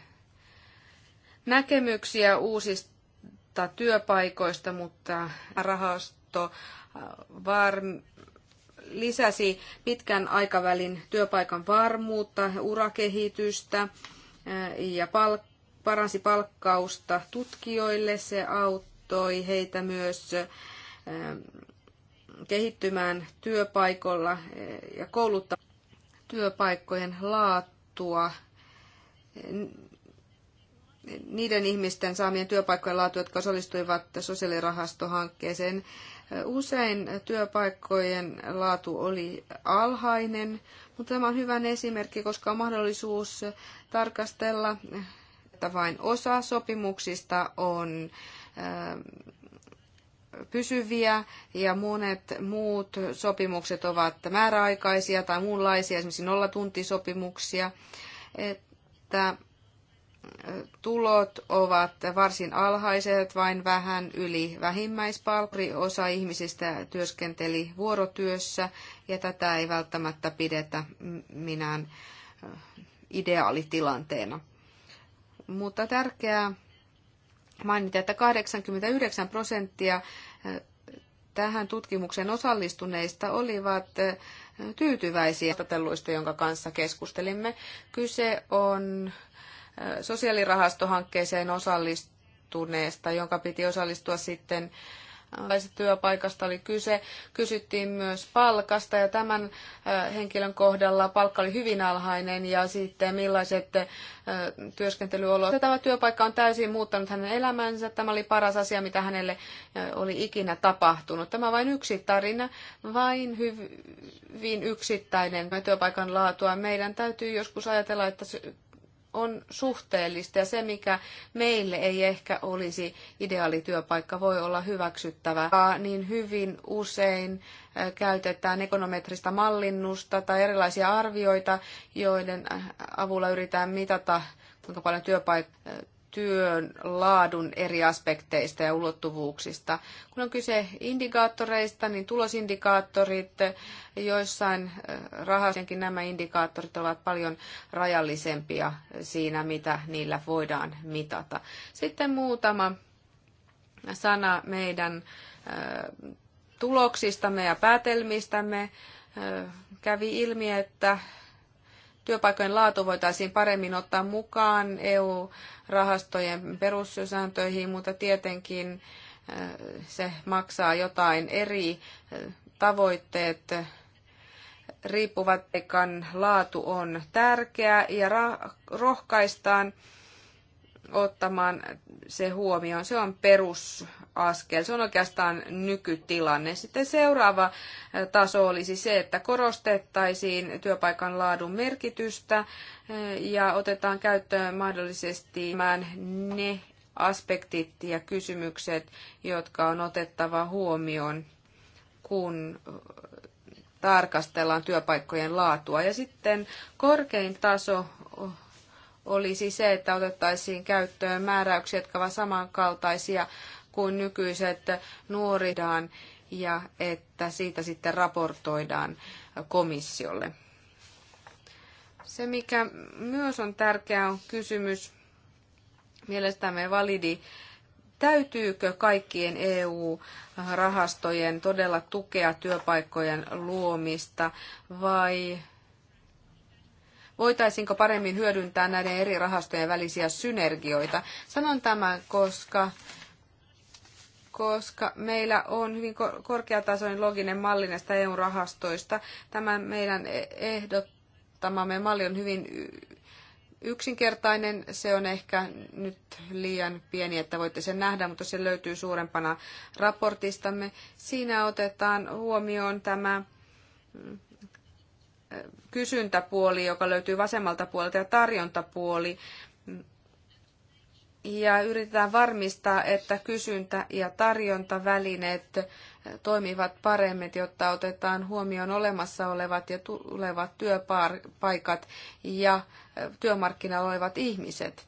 näkemyksiä uusista työpaikoista, mutta rahasto var, lisäsi pitkän aikavälin työpaikan varmuutta, urakehitystä eh, ja palk, paransi palkkausta tutkijoille. Se auttoi heitä myös eh, kehittymään työpaikolla eh, ja kouluttaa työpaikkojen laatua, niiden ihmisten saamien työpaikkojen laatu, jotka osallistuivat sosiaalirahastohankkeeseen. Usein työpaikkojen laatu oli alhainen, mutta tämä on hyvä esimerkki, koska on mahdollisuus tarkastella, että vain osa sopimuksista on ähm, pysyviä ja monet muut sopimukset ovat määräaikaisia tai muunlaisia, esimerkiksi nollatuntisopimuksia. Että tulot ovat varsin alhaiset, vain vähän yli vähimmäispalkri. Osa ihmisistä työskenteli vuorotyössä ja tätä ei välttämättä pidetä minään äh, ideaalitilanteena. Mutta tärkeää mainita, että 89 prosenttia äh, tähän tutkimukseen osallistuneista olivat äh, tyytyväisiä tatelluista, jonka kanssa keskustelimme. Kyse on sosiaalirahastohankkeeseen osallistuneesta, jonka piti osallistua sitten työpaikasta oli kyse. Kysyttiin myös palkasta ja tämän henkilön kohdalla palkka oli hyvin alhainen ja sitten millaiset työskentelyolot. Tämä työpaikka on täysin muuttanut hänen elämänsä. Tämä oli paras asia, mitä hänelle oli ikinä tapahtunut. Tämä vain yksi tarina, vain hyvin yksittäinen työpaikan laatua. Meidän täytyy joskus ajatella, että on suhteellista ja se, mikä meille ei ehkä olisi ideaalityöpaikka, voi olla hyväksyttävää. Niin hyvin usein äh, käytetään ekonometrista mallinnusta tai erilaisia arvioita, joiden äh, avulla yritetään mitata, kuinka paljon työpaikkaa työn laadun eri aspekteista ja ulottuvuuksista. Kun on kyse indikaattoreista, niin tulosindikaattorit, joissain äh, rahaisenkin nämä indikaattorit ovat paljon rajallisempia siinä, mitä niillä voidaan mitata. Sitten muutama sana meidän äh, tuloksistamme ja päätelmistämme. Äh, kävi ilmi, että työpaikkojen laatu voitaisiin paremmin ottaa mukaan EU-rahastojen perussääntöihin, mutta tietenkin eh, se maksaa jotain eri eh, tavoitteet riippuvat ekan laatu on tärkeä ja rohkaistaan ottamaan se huomioon. Se on perus askel. Se on oikeastaan nykytilanne. Sitten seuraava taso olisi se, että korostettaisiin työpaikan laadun merkitystä ja otetaan käyttöön mahdollisesti ne aspektit ja kysymykset, jotka on otettava huomioon, kun tarkastellaan työpaikkojen laatua. Ja sitten korkein taso olisi se, että otettaisiin käyttöön määräyksiä, jotka ovat samankaltaisia kuin nykyiset nuoridaan ja että siitä sitten raportoidaan komissiolle. Se, mikä myös on tärkeä on kysymys, mielestämme validi, täytyykö kaikkien EU-rahastojen todella tukea työpaikkojen luomista vai voitaisiinko paremmin hyödyntää näiden eri rahastojen välisiä synergioita. Sanon tämän, koska koska meillä on hyvin korkeatasoinen loginen malli näistä EU-rahastoista. Tämä meidän e- ehdottamamme malli on hyvin yksinkertainen. Se on ehkä nyt liian pieni, että voitte sen nähdä, mutta se löytyy suurempana raportistamme. Siinä otetaan huomioon tämä mm, e- kysyntäpuoli, joka löytyy vasemmalta puolelta, ja tarjontapuoli ja yritetään varmistaa, että kysyntä- ja tarjontavälineet toimivat paremmin, jotta otetaan huomioon olemassa olevat ja tulevat työpaikat ja työmarkkinoilla olevat ihmiset.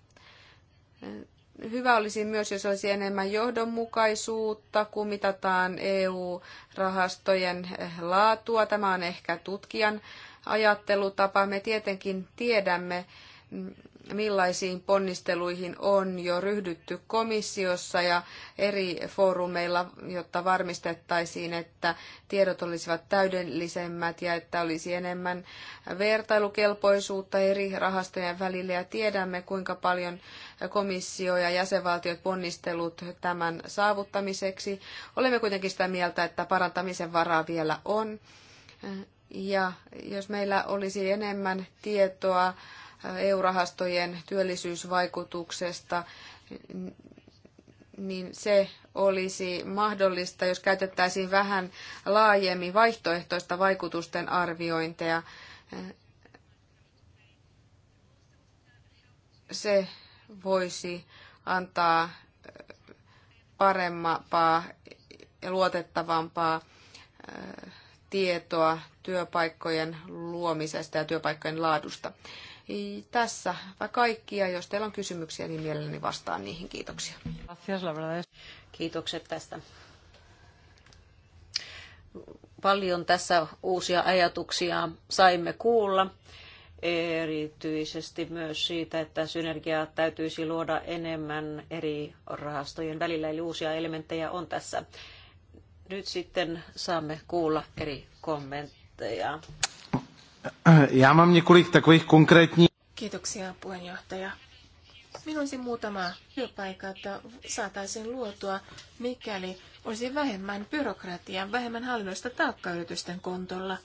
Hyvä olisi myös, jos olisi enemmän johdonmukaisuutta, kun mitataan EU-rahastojen laatua. Tämä on ehkä tutkijan ajattelutapa. Me tietenkin tiedämme, mm, millaisiin ponnisteluihin on jo ryhdytty komissiossa ja eri foorumeilla, jotta varmistettaisiin, että tiedot olisivat täydellisemmät ja että olisi enemmän vertailukelpoisuutta eri rahastojen välillä ja tiedämme, kuinka paljon komissio ja jäsenvaltiot ponnistelut tämän saavuttamiseksi. Olemme kuitenkin sitä mieltä, että parantamisen varaa vielä on. Ja jos meillä olisi enemmän tietoa, EU-rahastojen työllisyysvaikutuksesta, niin se olisi mahdollista, jos käytettäisiin vähän laajemmin vaihtoehtoista vaikutusten arviointeja. Se voisi antaa parempaa ja luotettavampaa äh, tietoa työpaikkojen luomisesta ja työpaikkojen laadusta. Tässä kaikkia. Jos teillä on kysymyksiä, niin mielelläni vastaan niihin. Kiitoksia. Kiitokset tästä. Paljon tässä uusia ajatuksia saimme kuulla erityisesti myös siitä, että synergiaa täytyisi luoda enemmän eri rahastojen välillä, eli uusia elementtejä on tässä. Nyt sitten saamme kuulla eri kommentteja. Já mám několik takových konkrétních... Kiitoksia puheenjohtaja. Minulla olisi muutama työpaikka, että saataisiin luotua, mikäli olisi vähemmän byrokratiaa, vähemmän hallinnoista taakkayritysten kontolla,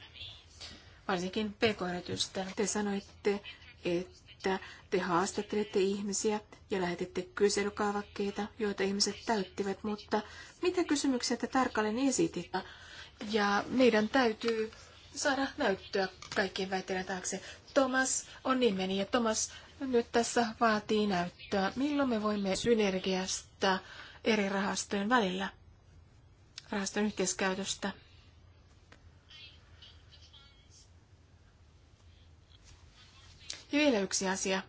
varsinkin pk-yritysten. Te sanoitte, että te haastattelette ihmisiä ja lähetitte kyselykaavakkeita, joita ihmiset täyttivät, mutta mitä kysymyksiä te tarkalleen esititte? Ja meidän täytyy saada näyttöä kaikkien väitteiden taakse. Thomas on nimeni niin ja Thomas nyt tässä vaatii näyttöä. Milloin me voimme synergiasta eri rahastojen välillä, rahaston yhteiskäytöstä? Ja vielä yksi asia.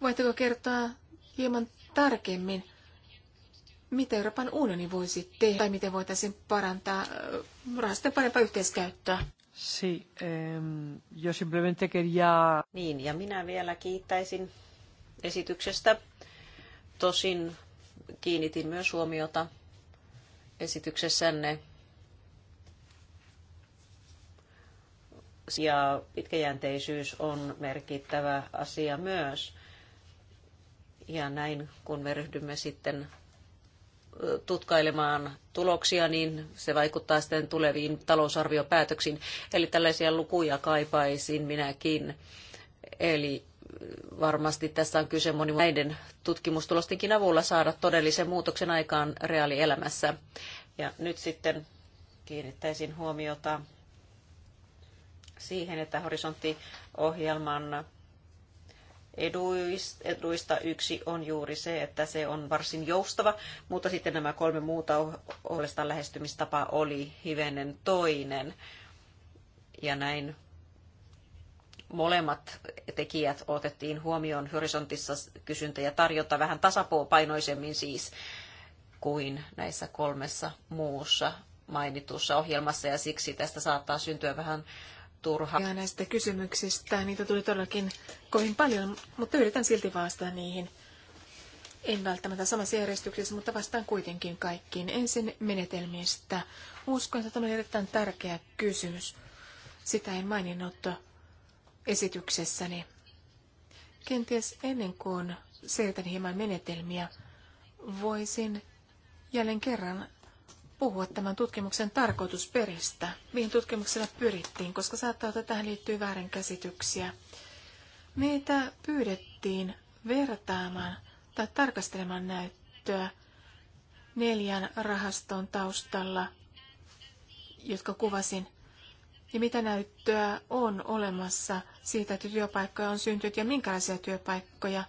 Voitteko kertoa hieman tarkemmin, mitä Euroopan unioni voisi tehdä tai miten voitaisiin parantaa rahastojen parempaa yhteiskäyttöä. Si, ähm, yo simplemente quería... Niin, ja minä vielä kiittäisin esityksestä. Tosin kiinnitin myös huomiota esityksessänne ja pitkäjänteisyys on merkittävä asia myös. Ja näin, kun me ryhdymme sitten tutkailemaan tuloksia, niin se vaikuttaa sitten tuleviin talousarviopäätöksiin. Eli tällaisia lukuja kaipaisin minäkin. Eli mm, varmasti tässä on kyse moni näiden tutkimustulostenkin avulla saada todellisen muutoksen aikaan reaalielämässä. Ja nyt sitten kiinnittäisin huomiota siihen, että horisonttiohjelman eduista yksi on juuri se, että se on varsin joustava, mutta sitten nämä kolme muuta ohdestaan lähestymistapa oli hivenen toinen. Ja näin molemmat tekijät otettiin huomioon horisontissa kysyntä ja tarjonta vähän tasapainoisemmin siis kuin näissä kolmessa muussa mainitussa ohjelmassa ja siksi tästä saattaa syntyä vähän turha. Ja näistä kysymyksistä, niitä tuli todellakin kovin paljon, mutta yritän silti vastata niihin. En välttämättä samassa järjestyksessä, mutta vastaan kuitenkin kaikkiin. Ensin menetelmistä. Uskon, että tämä on erittäin tärkeä kysymys. Sitä en maininnut esityksessäni. Kenties ennen kuin selitän hieman menetelmiä, voisin jälleen kerran puhua tämän tutkimuksen tarkoitusperistä, mihin tutkimuksella pyrittiin, koska saattaa olla, tähän liittyy väärinkäsityksiä. Meitä pyydettiin vertaamaan tai tarkastelemaan näyttöä neljän rahaston taustalla, jotka kuvasin. Ja mitä näyttöä on olemassa siitä, että työpaikkoja on syntynyt ja minkälaisia työpaikkoja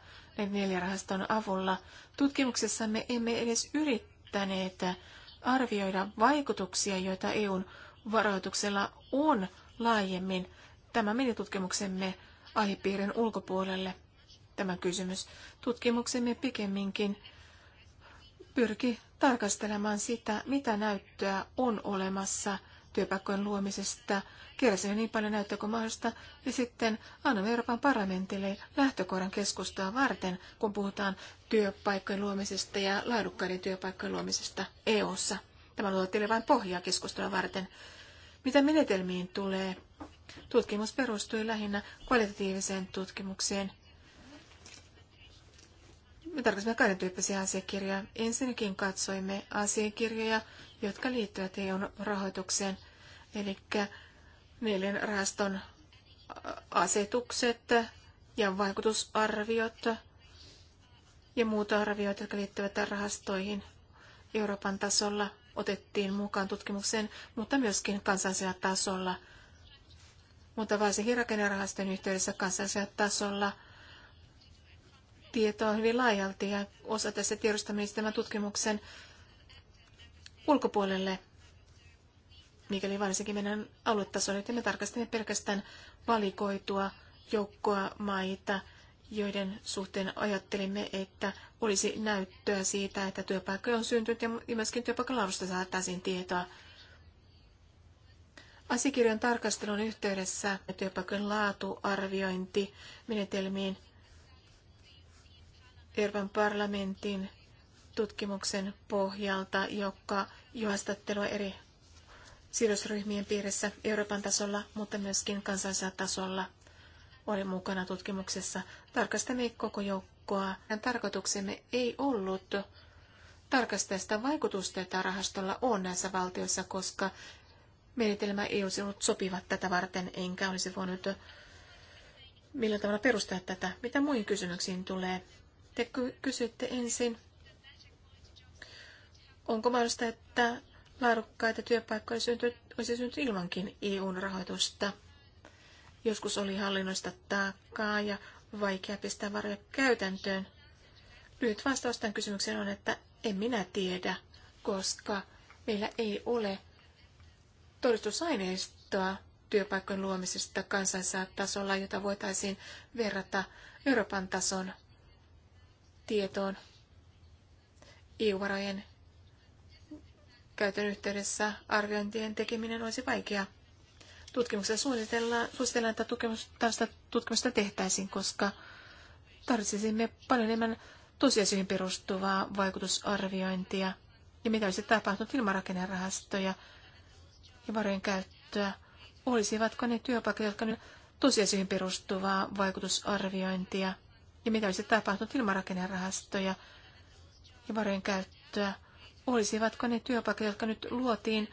neljän rahaston avulla. Tutkimuksessamme emme edes yrittäneet arvioida vaikutuksia, joita EUn varoituksella on laajemmin. Tämä minitutkimuksemme aihepiirin ulkopuolelle. Tämä kysymys tutkimuksemme pikemminkin pyrki tarkastelemaan sitä, mitä näyttöä on olemassa – työpaikkojen luomisesta, keräsimme niin paljon näyttöä kuin mahdollista, ja sitten annamme Euroopan parlamentille lähtökohdan keskustaa varten, kun puhutaan työpaikkojen luomisesta ja laadukkaiden työpaikkojen luomisesta EU-ssa. Tämä luo teille vain pohjaa keskustelua varten. Mitä menetelmiin tulee? Tutkimus perustui lähinnä kvalitatiiviseen tutkimukseen. Me tarkastimme kahden tyyppisiä asiakirjoja. Ensinnäkin katsoimme asiakirjoja, jotka liittyvät EUn rahoitukseen, eli neljän rahaston asetukset ja vaikutusarviot ja muut arviot, jotka liittyvät rahastoihin Euroopan tasolla otettiin mukaan tutkimukseen, mutta myöskin kansallisella tasolla. Mutta varsinkin rakennerahastojen yhteydessä kansallisella tasolla tietoa hyvin laajalti ja osa tästä tiedosta tämän tutkimuksen ulkopuolelle, mikäli varsinkin meidän aluetasolle, että me tarkastamme pelkästään valikoitua joukkoa maita, joiden suhteen ajattelimme, että olisi näyttöä siitä, että työpaikkoja on syntynyt ja myöskin työpaikalaadusta saataisiin tietoa. Asiakirjan tarkastelun yhteydessä työpaikan laatuarviointi menetelmiin Euroopan parlamentin tutkimuksen pohjalta, joka jo haastattelua eri sidosryhmien piirissä Euroopan tasolla, mutta myöskin kansallisella tasolla oli mukana tutkimuksessa. Tarkastamme koko joukkoa. Tämän tarkoituksemme ei ollut tarkastaa sitä vaikutusta, jota rahastolla on näissä valtioissa, koska menetelmä ei olisi ollut sopiva tätä varten, enkä olisi voinut millä tavalla perustaa tätä. Mitä muihin kysymyksiin tulee? Te kysytte ensin Onko mahdollista, että laadukkaita työpaikkoja syntynyt, olisi syntynyt ilmankin EUn rahoitusta? Joskus oli hallinnosta taakkaa ja vaikea pistää varoja käytäntöön. Lyhyt vastaus tämän kysymykseen on, että en minä tiedä, koska meillä ei ole todistusaineistoa työpaikkojen luomisesta kansallisella tasolla, jota voitaisiin verrata Euroopan tason tietoon. EU-varojen käytön yhteydessä arviointien tekeminen olisi vaikeaa. Tutkimuksessa suositellaan, suositellaan että tällaista tutkimusta tehtäisiin, koska tarvitsisimme paljon enemmän tosiasioihin perustuvaa vaikutusarviointia ja mitä olisi tapahtunut ilman rakennerahastoja ja varojen käyttöä. Olisivatko ne työpaikat, jotka nyt tosiasioihin perustuvaa vaikutusarviointia ja mitä olisi tapahtunut ilman rakennerahastoja ja varojen käyttöä olisivatko ne työpaikat, jotka nyt luotiin,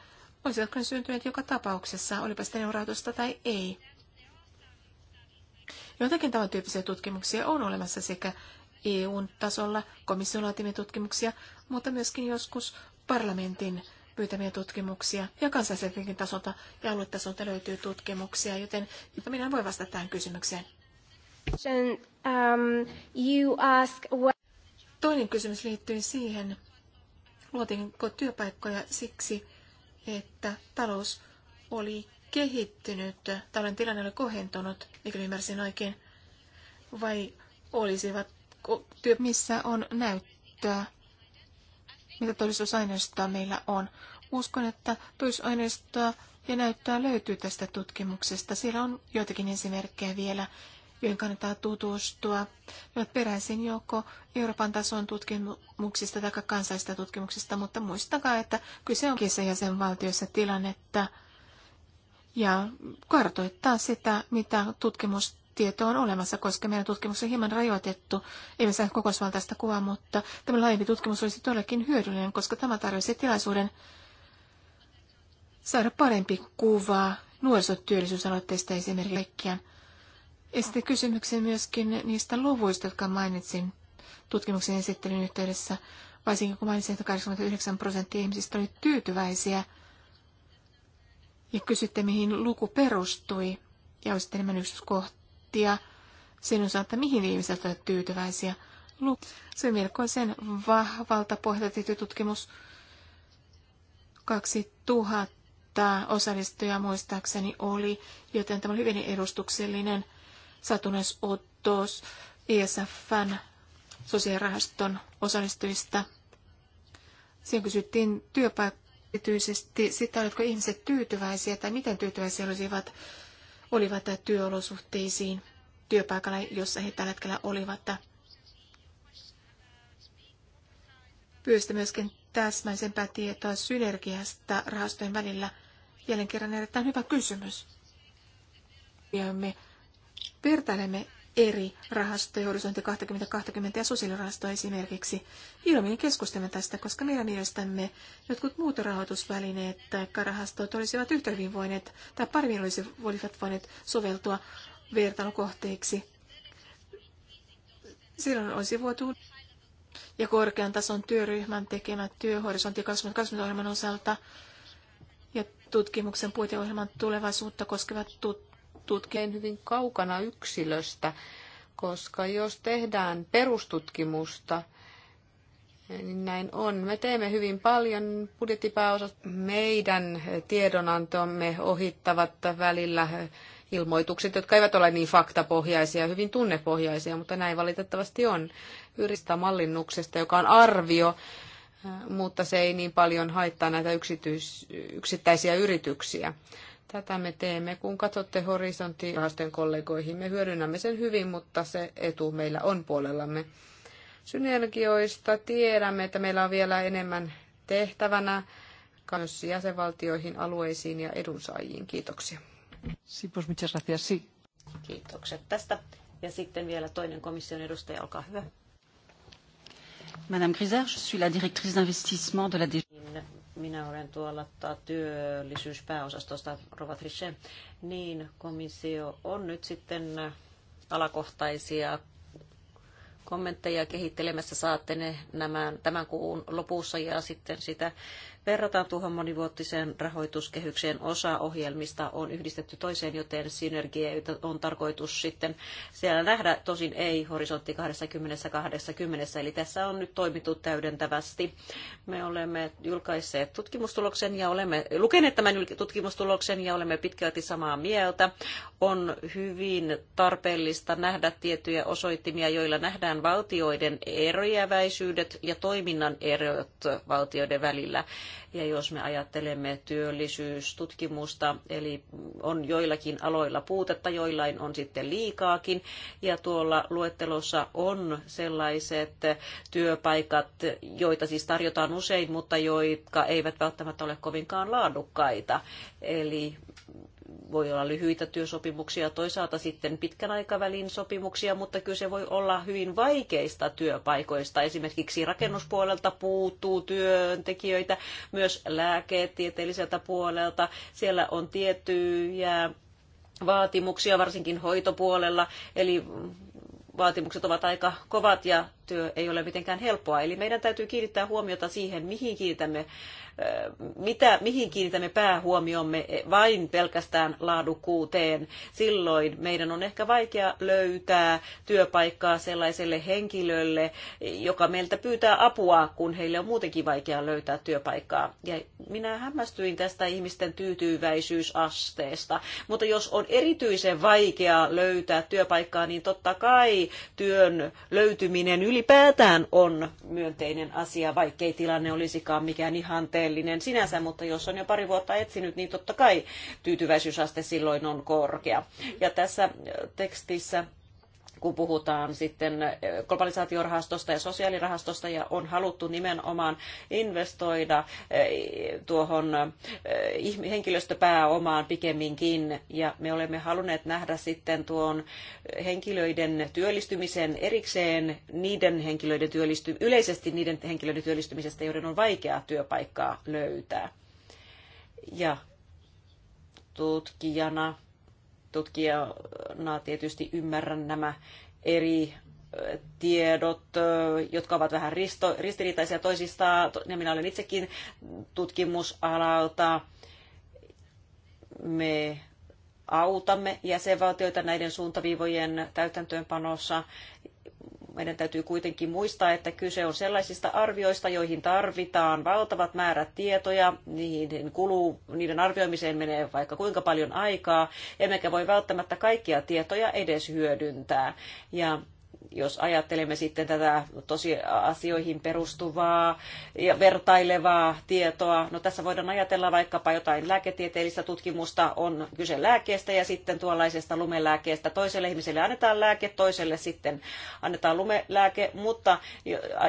olisivatko ne syntyneet joka tapauksessa, olipa sitten eurorahoitusta tai ei. Jotakin tämän tyyppisiä tutkimuksia on olemassa sekä eu tasolla komission laatimia tutkimuksia, mutta myöskin joskus parlamentin pyytämiä tutkimuksia ja kansalliseltakin tasolta ja aluetasolta löytyy tutkimuksia, joten minä voin vastata tähän kysymykseen. Um, Toinen kysymys liittyy siihen, luotiinko työpaikkoja siksi, että talous oli kehittynyt, talouden tilanne oli kohentunut, mikäli ymmärsin oikein, vai olisivat työ, missä on näyttöä, mitä todistusaineistoa meillä on. Uskon, että todistusaineistoa ja näyttöä löytyy tästä tutkimuksesta. Siellä on joitakin esimerkkejä vielä, joihin kannattaa tutustua. Ne ovat peräisin joko Euroopan tason tutkimuksista tai kansallisista tutkimuksista, mutta muistakaa, että kyse on kissa jäsenvaltioissa tilannetta ja kartoittaa sitä, mitä tutkimustieto on olemassa, koska meidän tutkimus on hieman rajoitettu. ei saa kokosvaltaista kuvaa, mutta tämä laajempi tutkimus olisi todellakin hyödyllinen, koska tämä tarjoaisi tilaisuuden saada parempi kuva nuorisotyöllisyysaloitteista esimerkiksi kaikkiaan. Esitin kysymyksen myöskin niistä luvuista, jotka mainitsin tutkimuksen esittelyn yhteydessä, varsinkin kun mainitsin, että 89 prosenttia ihmisistä oli tyytyväisiä. Ja kysytte, mihin luku perustui, ja olisitte enemmän yksityiskohtia sen osalta, että mihin ihmiset ovat tyytyväisiä. Se on melkoisen vahvalta pohjalta tutkimus. 2000 osallistujaa muistaakseni oli, joten tämä oli hyvin edustuksellinen – ottos ESFn sosiaalirahaston osallistujista. Siinä kysyttiin työpaikkaa sitä, oletko ihmiset tyytyväisiä tai miten tyytyväisiä olisivat, olivat työolosuhteisiin työpaikalla, jossa he tällä hetkellä olivat. Pyöstä myöskin täsmäisempää tietoa synergiasta rahastojen välillä. Jälleen kerran erittäin hyvä kysymys. Viemme vertailemme eri rahastoja, horisontti 2020 ja sosiaalirahastoa esimerkiksi. Ilmiin keskustelemme tästä, koska meidän mielestämme jotkut muut rahoitusvälineet tai rahastot olisivat yhtä hyvin voineet tai paremmin olisivat voineet soveltua vertailukohteiksi. Silloin olisi voitu ja korkean tason työryhmän tekemä työ horisontti 2020 ohjelman osalta ja tutkimuksen puiteohjelman tulevaisuutta koskevat tut- Tutkien hyvin kaukana yksilöstä, koska jos tehdään perustutkimusta, niin näin on. Me teemme hyvin paljon budjettipääosat. Meidän tiedonantomme ohittavat välillä ilmoitukset, jotka eivät ole niin faktapohjaisia, hyvin tunnepohjaisia, mutta näin valitettavasti on. Yristä mallinnuksesta, joka on arvio, mutta se ei niin paljon haittaa näitä yksityis- yksittäisiä yrityksiä. Tätä me teemme, kun katsotte horisonttirahaston kollegoihin. Me hyödynnämme sen hyvin, mutta se etu meillä on puolellamme. Synergioista tiedämme, että meillä on vielä enemmän tehtävänä myös jäsenvaltioihin, alueisiin ja edunsaajiin. Kiitoksia. muchas gracias. Kiitokset tästä. Ja sitten vielä toinen komission edustaja, olkaa hyvä. Madame Grisard, je suis la directrice d'investissement de la DG. Minä olen tuolla työllisyyspääosastosta Rova Trichet. Niin, komissio on nyt sitten alakohtaisia kommentteja kehittelemässä. Saatte ne nämä, tämän kuun lopussa ja sitten sitä verrataan tuohon monivuotiseen rahoituskehykseen. Osa ohjelmista on yhdistetty toiseen, joten synergioita on tarkoitus sitten siellä nähdä. Tosin ei horisontti 2020, eli tässä on nyt toimittu täydentävästi. Me olemme julkaisseet tutkimustuloksen ja olemme lukeneet tämän tutkimustuloksen ja olemme pitkälti samaa mieltä. On hyvin tarpeellista nähdä tiettyjä osoittimia, joilla nähdään valtioiden eroja ja toiminnan erot valtioiden välillä. Ja jos me ajattelemme työllisyystutkimusta, eli on joillakin aloilla puutetta, joillain on sitten liikaakin. Ja tuolla luettelossa on sellaiset työpaikat, joita siis tarjotaan usein, mutta jotka eivät välttämättä ole kovinkaan laadukkaita. Eli voi olla lyhyitä työsopimuksia, toisaalta sitten pitkän aikavälin sopimuksia, mutta kyse voi olla hyvin vaikeista työpaikoista. Esimerkiksi rakennuspuolelta puuttuu työntekijöitä, myös lääketieteelliseltä puolelta. Siellä on tiettyjä vaatimuksia, varsinkin hoitopuolella, eli vaatimukset ovat aika kovat ja työ ei ole mitenkään helppoa. Eli meidän täytyy kiinnittää huomiota siihen, mihin kiinnitämme, mitä, mihin kiinnitämme päähuomiomme e, vain pelkästään laadukkuuteen. Silloin meidän on ehkä vaikea löytää työpaikkaa sellaiselle henkilölle, joka meiltä pyytää apua, kun heille on muutenkin vaikea löytää työpaikkaa. Ja minä hämmästyin tästä ihmisten tyytyväisyysasteesta. Mutta jos on erityisen vaikea löytää työpaikkaa, niin totta kai työn löytyminen yli ylipäätään on myönteinen asia, vaikkei tilanne olisikaan mikään ihanteellinen sinänsä, mutta jos on jo pari vuotta etsinyt, niin totta kai tyytyväisyysaste silloin on korkea. Ja tässä tekstissä kun puhutaan sitten globalisaatiorahastosta ja sosiaalirahastosta, ja on haluttu nimenomaan investoida tuohon henkilöstöpääomaan pikemminkin, ja me olemme halunneet nähdä sitten tuon henkilöiden työllistymisen erikseen niiden henkilöiden työllisty- yleisesti niiden henkilöiden työllistymisestä, joiden on vaikeaa työpaikkaa löytää. Ja tutkijana tutkijana tietysti ymmärrän nämä eri tiedot, jotka ovat vähän risto, ristiriitaisia toisistaan, ja minä olen itsekin tutkimusalalta. Me autamme jäsenvaltioita näiden suuntaviivojen täytäntöönpanossa meidän täytyy kuitenkin muistaa, että kyse on sellaisista arvioista, joihin tarvitaan valtavat määrät tietoja, niihin kuluu, niiden arvioimiseen menee vaikka kuinka paljon aikaa, emmekä voi välttämättä kaikkia tietoja edes hyödyntää. Ja jos ajattelemme sitten tätä tosiasioihin perustuvaa ja vertailevaa tietoa, no tässä voidaan ajatella vaikkapa jotain lääketieteellistä tutkimusta, on kyse lääkeestä ja sitten tuollaisesta lumelääkeestä. Toiselle ihmiselle annetaan lääke, toiselle sitten annetaan lumelääke, mutta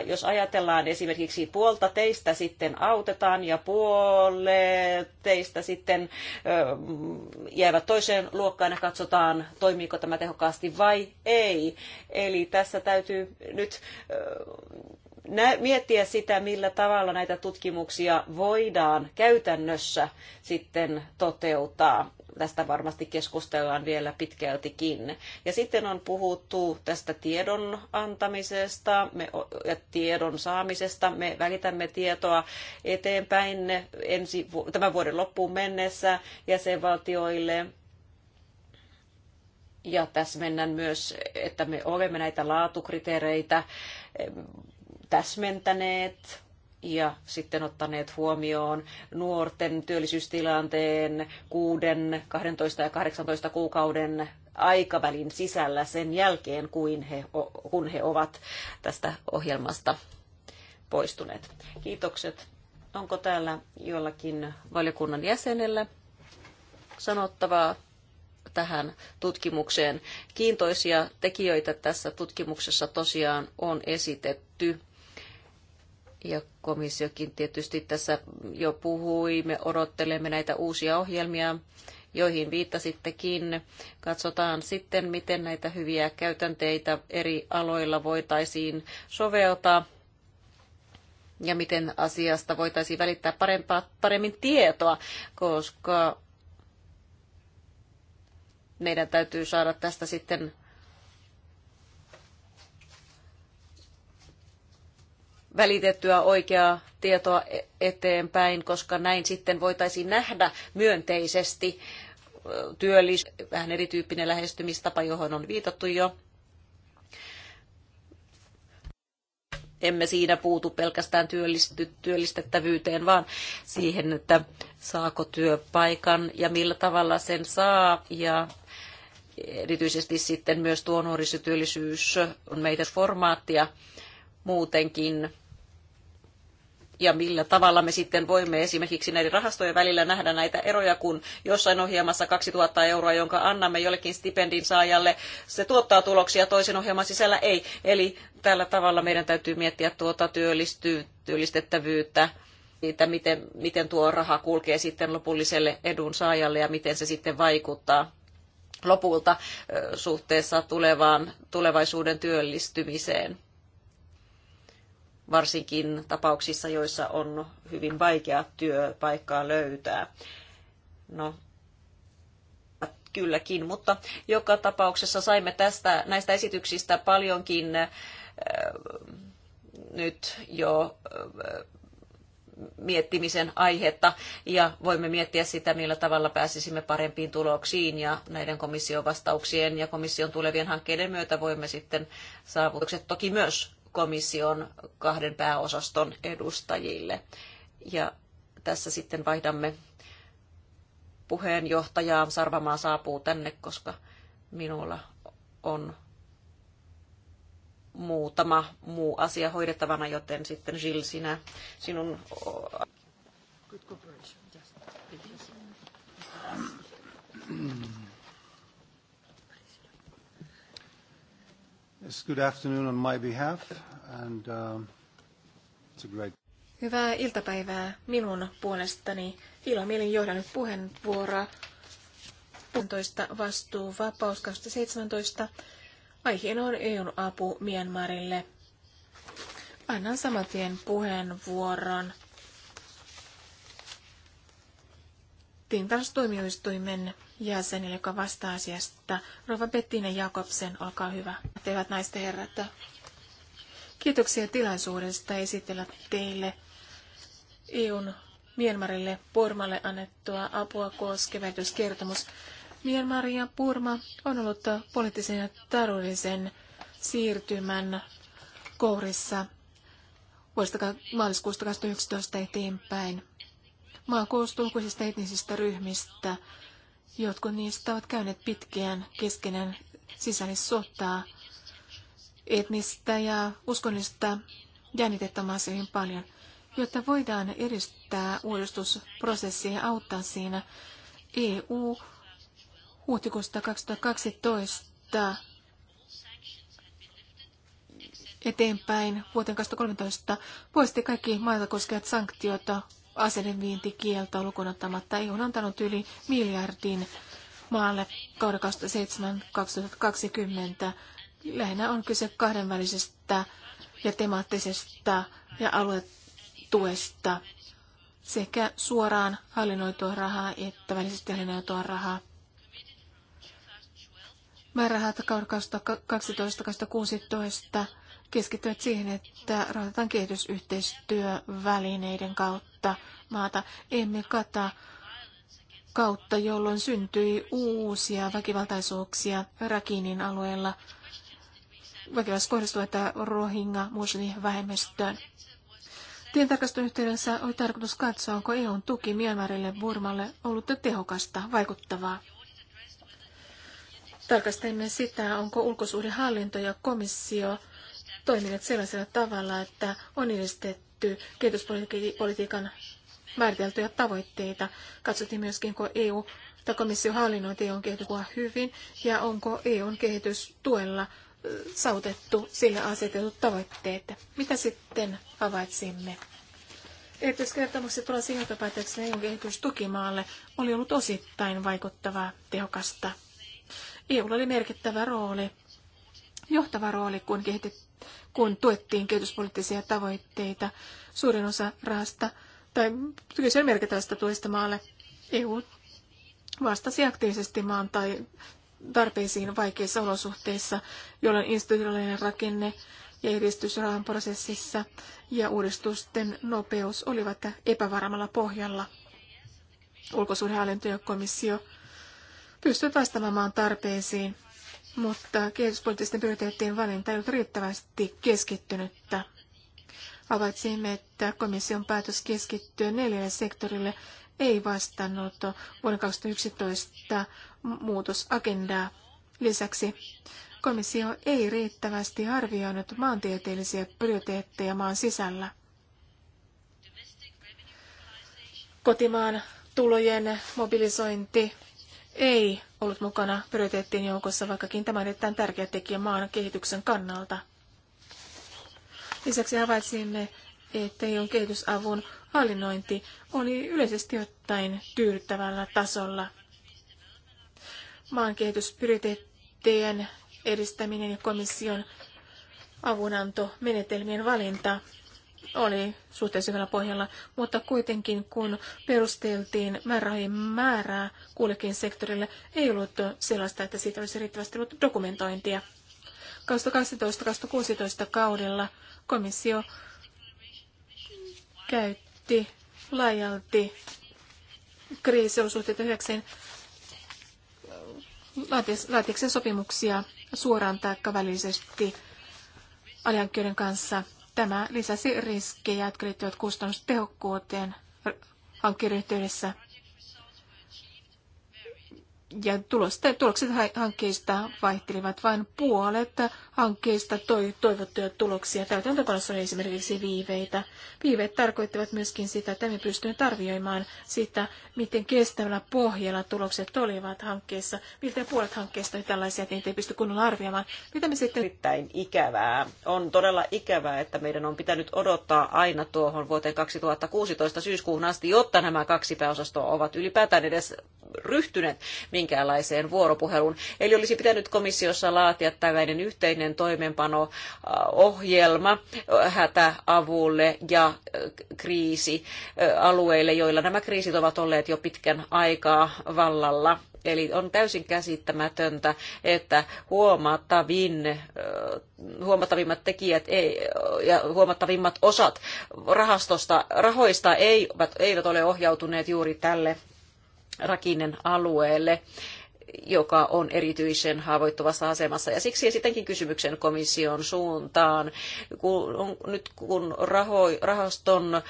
jos ajatellaan esimerkiksi puolta teistä sitten autetaan ja puolet teistä sitten jäävät toiseen luokkaan ja katsotaan, toimiiko tämä tehokkaasti vai ei. Eli tässä täytyy nyt miettiä sitä, millä tavalla näitä tutkimuksia voidaan käytännössä sitten toteuttaa. Tästä varmasti keskustellaan vielä pitkältikin. Ja sitten on puhuttu tästä tiedon antamisesta me, ja tiedon saamisesta. Me välitämme tietoa eteenpäin ensi, tämän vuoden loppuun mennessä jäsenvaltioille – ja täsmennän myös, että me olemme näitä laatukriteereitä täsmentäneet ja sitten ottaneet huomioon nuorten työllisyystilanteen 6, 12 ja 18 kuukauden aikavälin sisällä sen jälkeen, kuin he, kun he ovat tästä ohjelmasta poistuneet. Kiitokset. Onko täällä jollakin valiokunnan jäsenellä sanottavaa? tähän tutkimukseen. Kiintoisia tekijöitä tässä tutkimuksessa tosiaan on esitetty. Ja komissiokin tietysti tässä jo puhui, me odottelemme näitä uusia ohjelmia, joihin viittasittekin. Katsotaan sitten, miten näitä hyviä käytänteitä eri aloilla voitaisiin soveltaa ja miten asiasta voitaisiin välittää parempaa, paremmin tietoa, koska meidän täytyy saada tästä sitten välitettyä oikeaa tietoa e- eteenpäin, koska näin sitten voitaisiin nähdä myönteisesti työllis, vähän erityyppinen lähestymistapa, johon on viitattu jo. Emme siinä puutu pelkästään työllisty, työllistettävyyteen, vaan siihen, että saako työpaikan ja millä tavalla sen saa ja erityisesti sitten myös tuo nuorisotyöllisyys on meitä formaattia muutenkin. Ja millä tavalla me sitten voimme esimerkiksi näiden rahastojen välillä nähdä näitä eroja, kun jossain ohjelmassa 2000 euroa, jonka annamme jollekin stipendin saajalle, se tuottaa tuloksia, toisen ohjelman sisällä ei. Eli tällä tavalla meidän täytyy miettiä tuota työllisty- työllistettävyyttä siitä, miten, miten tuo raha kulkee sitten lopulliselle edunsaajalle ja miten se sitten vaikuttaa lopulta suhteessa tulevaan, tulevaisuuden työllistymiseen. Varsinkin tapauksissa, joissa on hyvin vaikea työpaikkaa löytää. No, kylläkin, mutta joka tapauksessa saimme tästä, näistä esityksistä paljonkin äh, nyt jo äh, miettimisen aihetta ja voimme miettiä sitä, millä tavalla pääsisimme parempiin tuloksiin ja näiden komission vastauksien ja komission tulevien hankkeiden myötä voimme sitten saavutukset toki myös komission kahden pääosaston edustajille. Ja tässä sitten vaihdamme puheenjohtajaa. Sarvamaa saapuu tänne, koska minulla on muutama muu asia hoidettavana, joten sitten Jill, sinä, sinun... Yes, good afternoon on my behalf, and um, it's a great... Hyvää iltapäivää minun puolestani. Mielin johdan nyt puheenvuoroa 17 vastuu vapaus 2017 Aiheena on EUn apu Myanmarille. Annan saman puheenvuoron tilintarkastustuomioistuimen jäsenille, joka vastaa asiasta. Rova Bettina Jakobsen, olkaa hyvä. Teivät naista herrat. Kiitoksia tilaisuudesta esitellä teille EUn Myanmarille Pormalle annettua apua koskeva kertomus. Myanmar ja Burma on ollut poliittisen ja taloudellisen siirtymän kourissa vuodesta maaliskuusta 2011 eteenpäin. Maa koostuu lukuisista etnisistä ryhmistä. Jotkut niistä ovat käyneet pitkään keskenään sisällissotaa. Etnistä ja uskonnollista jännitettä maassa hyvin paljon. Jotta voidaan edistää uudistusprosessia ja auttaa siinä, EU huhtikuusta 2012 eteenpäin vuoteen 2013 poisti kaikki maita koskevat sanktiota aseiden vientikieltoa lukuun ottamatta. EU on antanut yli miljardin maalle kauden 2007-2020. Lähinnä on kyse kahdenvälisestä ja temaattisesta ja aluetuesta sekä suoraan hallinnoitua rahaa että välisesti hallinnoitua rahaa. Määrärahat 12-16 keskittyvät siihen, että rahoitetaan kehitysyhteistyövälineiden kautta maata. Emme kata kautta, jolloin syntyi uusia väkivaltaisuuksia Rakinin alueella. Väkivaltaisuus kohdistuu, että Rohingya vähemmistöön. Tientarkastun yhteydessä oli tarkoitus katsoa, onko EUn tuki Myanmarille Burmalle ollut tehokasta, vaikuttavaa tarkastelimme sitä, onko ulkosuhdehallinto ja komissio toimineet sellaisella tavalla, että on edistetty kehityspolitiikan määriteltyjä tavoitteita. Katsottiin myöskin, onko EU tai komission hallinnointi on e kehitykua hyvin ja onko EUn kehitystuella saavutettu sille asetetut tavoitteet. Mitä sitten havaitsimme? Erityiskertomukset tulla johtopäätöksenä EUn kehitystuki maalle oli ollut osittain vaikuttavaa, tehokasta EUlla oli merkittävä rooli, johtava rooli, kun, kehitet, kun tuettiin kehityspoliittisia tavoitteita. Suurin osa rahasta tai kyse merkittävästä tuesta maalle EU vastasi aktiivisesti maan tai tarpeisiin vaikeissa olosuhteissa, jolloin instituutiollinen rakenne ja edistysrahan prosessissa ja uudistusten nopeus olivat epävarmalla pohjalla. Ulkosuhdehallinto ja komissio pystyy vastaamaan maan tarpeisiin, mutta kehityspoliittisten prioriteettien valinta ei ollut riittävästi keskittynyttä. Havaitsimme, että komission päätös keskittyä neljälle sektorille ei vastannut vuonna 2011 muutosagendaa. Lisäksi komissio ei riittävästi arvioinut maantieteellisiä prioriteetteja maan sisällä. Kotimaan tulojen mobilisointi ei ollut mukana prioriteettien joukossa, vaikkakin tämä on erittäin tärkeä tekijä maan kehityksen kannalta. Lisäksi havaitsimme, että EUn kehitysavun hallinnointi oli yleisesti ottaen tyydyttävällä tasolla. Maan kehitysprioriteettien edistäminen ja komission avunantomenetelmien valinta oli suhteellisen hyvällä pohjalla, mutta kuitenkin kun perusteltiin määrärahojen määrää kullekin sektorille, ei ollut sellaista, että siitä olisi riittävästi ollut dokumentointia. 2012-2016 kaudella komissio käytti laajalti kriisiolosuhteita hyväkseen laatiakseen sopimuksia suoraan tai välisesti alihankkijoiden kanssa Tämä lisäsi riskejä, jotka liittyvät kustannustehokkuuteen hankkeen Ja tulokset hankkeista vaihtelivat vain puolet hankkeista toi toivottuja tuloksia. Täytäntöpanossa oli esimerkiksi viiveitä. Viiveet tarkoittivat myöskin sitä, että me pystyimme tarvioimaan sitä, miten kestävällä pohjalla tulokset olivat hankkeessa. Miltä puolet hankkeista oli tällaisia, että niitä ei pysty kunnolla arvioimaan. Mitä me sitten... Erittäin ikävää. On todella ikävää, että meidän on pitänyt odottaa aina tuohon vuoteen 2016 syyskuuhun asti, jotta nämä kaksi pääosastoa ovat ylipäätään edes ryhtyneet minkäänlaiseen vuoropuheluun. Eli olisi pitänyt komissiossa laatia tällainen yhteinen tällainen toimeenpano-ohjelma hätäavulle ja kriisialueille, joilla nämä kriisit ovat olleet jo pitkän aikaa vallalla. Eli on täysin käsittämätöntä, että huomattavin, huomattavimmat tekijät ei, ja huomattavimmat osat rahastosta, rahoista eivät, eivät ole ohjautuneet juuri tälle Rakinen alueelle joka on erityisen haavoittuvassa asemassa. Ja siksi esitänkin kysymyksen komission suuntaan. Kun, nyt kun raho, rahaston äh,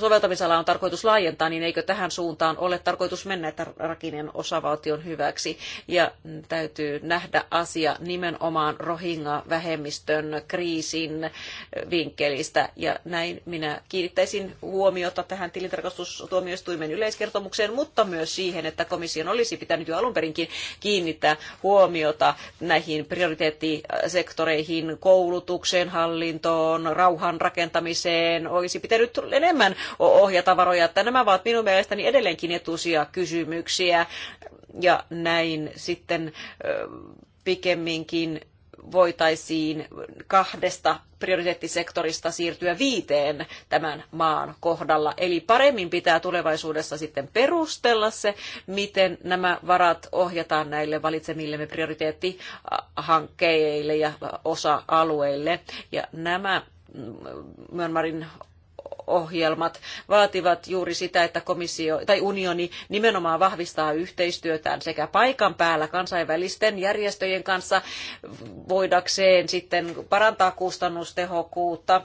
soveltamisala on tarkoitus laajentaa, niin eikö tähän suuntaan ole tarkoitus mennä, että Rakinen osavaltion hyväksi. Ja täytyy nähdä asia nimenomaan Rohingya-vähemmistön kriisin äh, vinkkelistä. Ja näin minä kiinnittäisin huomiota tähän tilintarkastustuomioistuimen yleiskertomukseen, mutta myös siihen, että komission olisi pitänyt jo alun perinkin kiinnittää huomiota näihin prioriteettisektoreihin, koulutukseen, hallintoon, rauhan rakentamiseen. Olisi pitänyt enemmän ohjata varoja. Että nämä ovat minun mielestäni edelleenkin etuisia kysymyksiä ja näin sitten pikemminkin voitaisiin kahdesta prioriteettisektorista siirtyä viiteen tämän maan kohdalla. Eli paremmin pitää tulevaisuudessa sitten perustella se, miten nämä varat ohjataan näille valitsemillemme prioriteettihankkeille ja osa-alueille. Ja nämä mm, Myönmarin ohjelmat vaativat juuri sitä, että komissio tai unioni nimenomaan vahvistaa yhteistyötään sekä paikan päällä kansainvälisten järjestöjen kanssa voidakseen sitten parantaa kustannustehokkuutta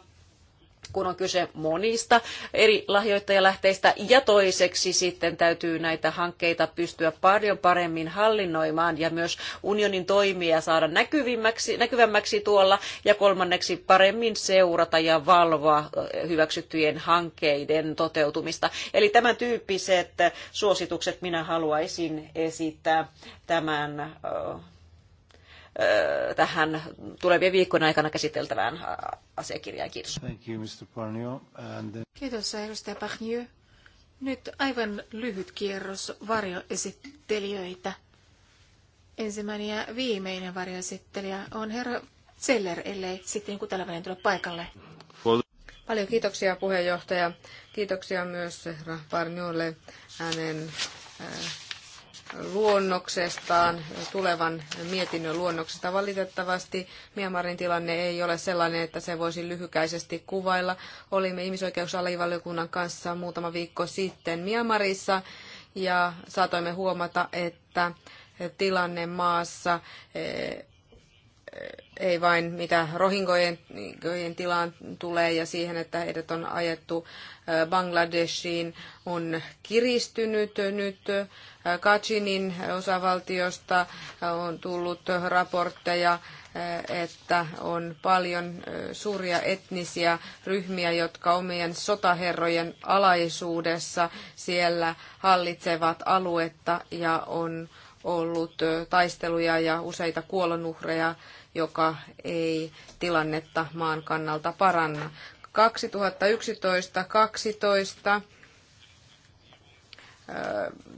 kun on kyse monista eri lahjoittajalähteistä. Ja toiseksi sitten täytyy näitä hankkeita pystyä paljon paremmin hallinnoimaan ja myös unionin toimia saada näkyvimmäksi, näkyvämmäksi tuolla. Ja kolmanneksi paremmin seurata ja valvoa hyväksyttyjen hankkeiden toteutumista. Eli tämän tyyppiset suositukset minä haluaisin esittää tämän tähän tulevien viikkojen aikana käsiteltävään asiakirjaan. Kiitos. Thank you, Mr. And then... Kiitos, edustaja Parnio. Nyt aivan lyhyt kierros varjoesittelijöitä. Ensimmäinen ja viimeinen varjoesittelijä on herra Zeller, ellei sitten joku tällainen tule paikalle. Paljon kiitoksia puheenjohtaja. Kiitoksia myös herra Parniolle hänen äh, luonnoksestaan, tulevan mietinnön luonnoksesta. Valitettavasti Myanmarin tilanne ei ole sellainen, että se voisi lyhykäisesti kuvailla. Olimme ihmisoikeusalivaliokunnan kanssa muutama viikko sitten Myanmarissa ja saatoimme huomata, että tilanne maassa eh, eh, ei vain mitä rohingojen tilaan tulee ja siihen, että heidät on ajettu Bangladeshiin, on kiristynyt nyt. Kachinin osavaltiosta on tullut raportteja, että on paljon suuria etnisiä ryhmiä, jotka omien sotaherrojen alaisuudessa siellä hallitsevat aluetta ja on ollut taisteluja ja useita kuolonuhreja joka ei tilannetta maan kannalta paranna. 2011 2012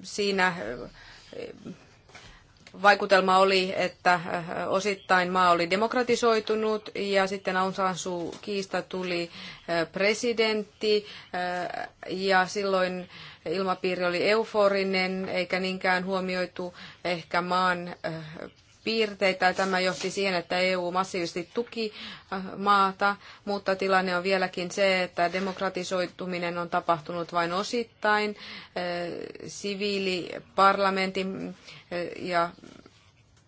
siinä vaikutelma oli, että osittain maa oli demokratisoitunut ja sitten Aung San Suu Kiista tuli presidentti ja silloin ilmapiiri oli euforinen eikä niinkään huomioitu ehkä maan piirteitä. Tämä johti siihen, että EU massiivisesti tuki äh, maata, mutta tilanne on vieläkin se, että demokratisoituminen on tapahtunut vain osittain. Äh, siviiliparlamentin äh, ja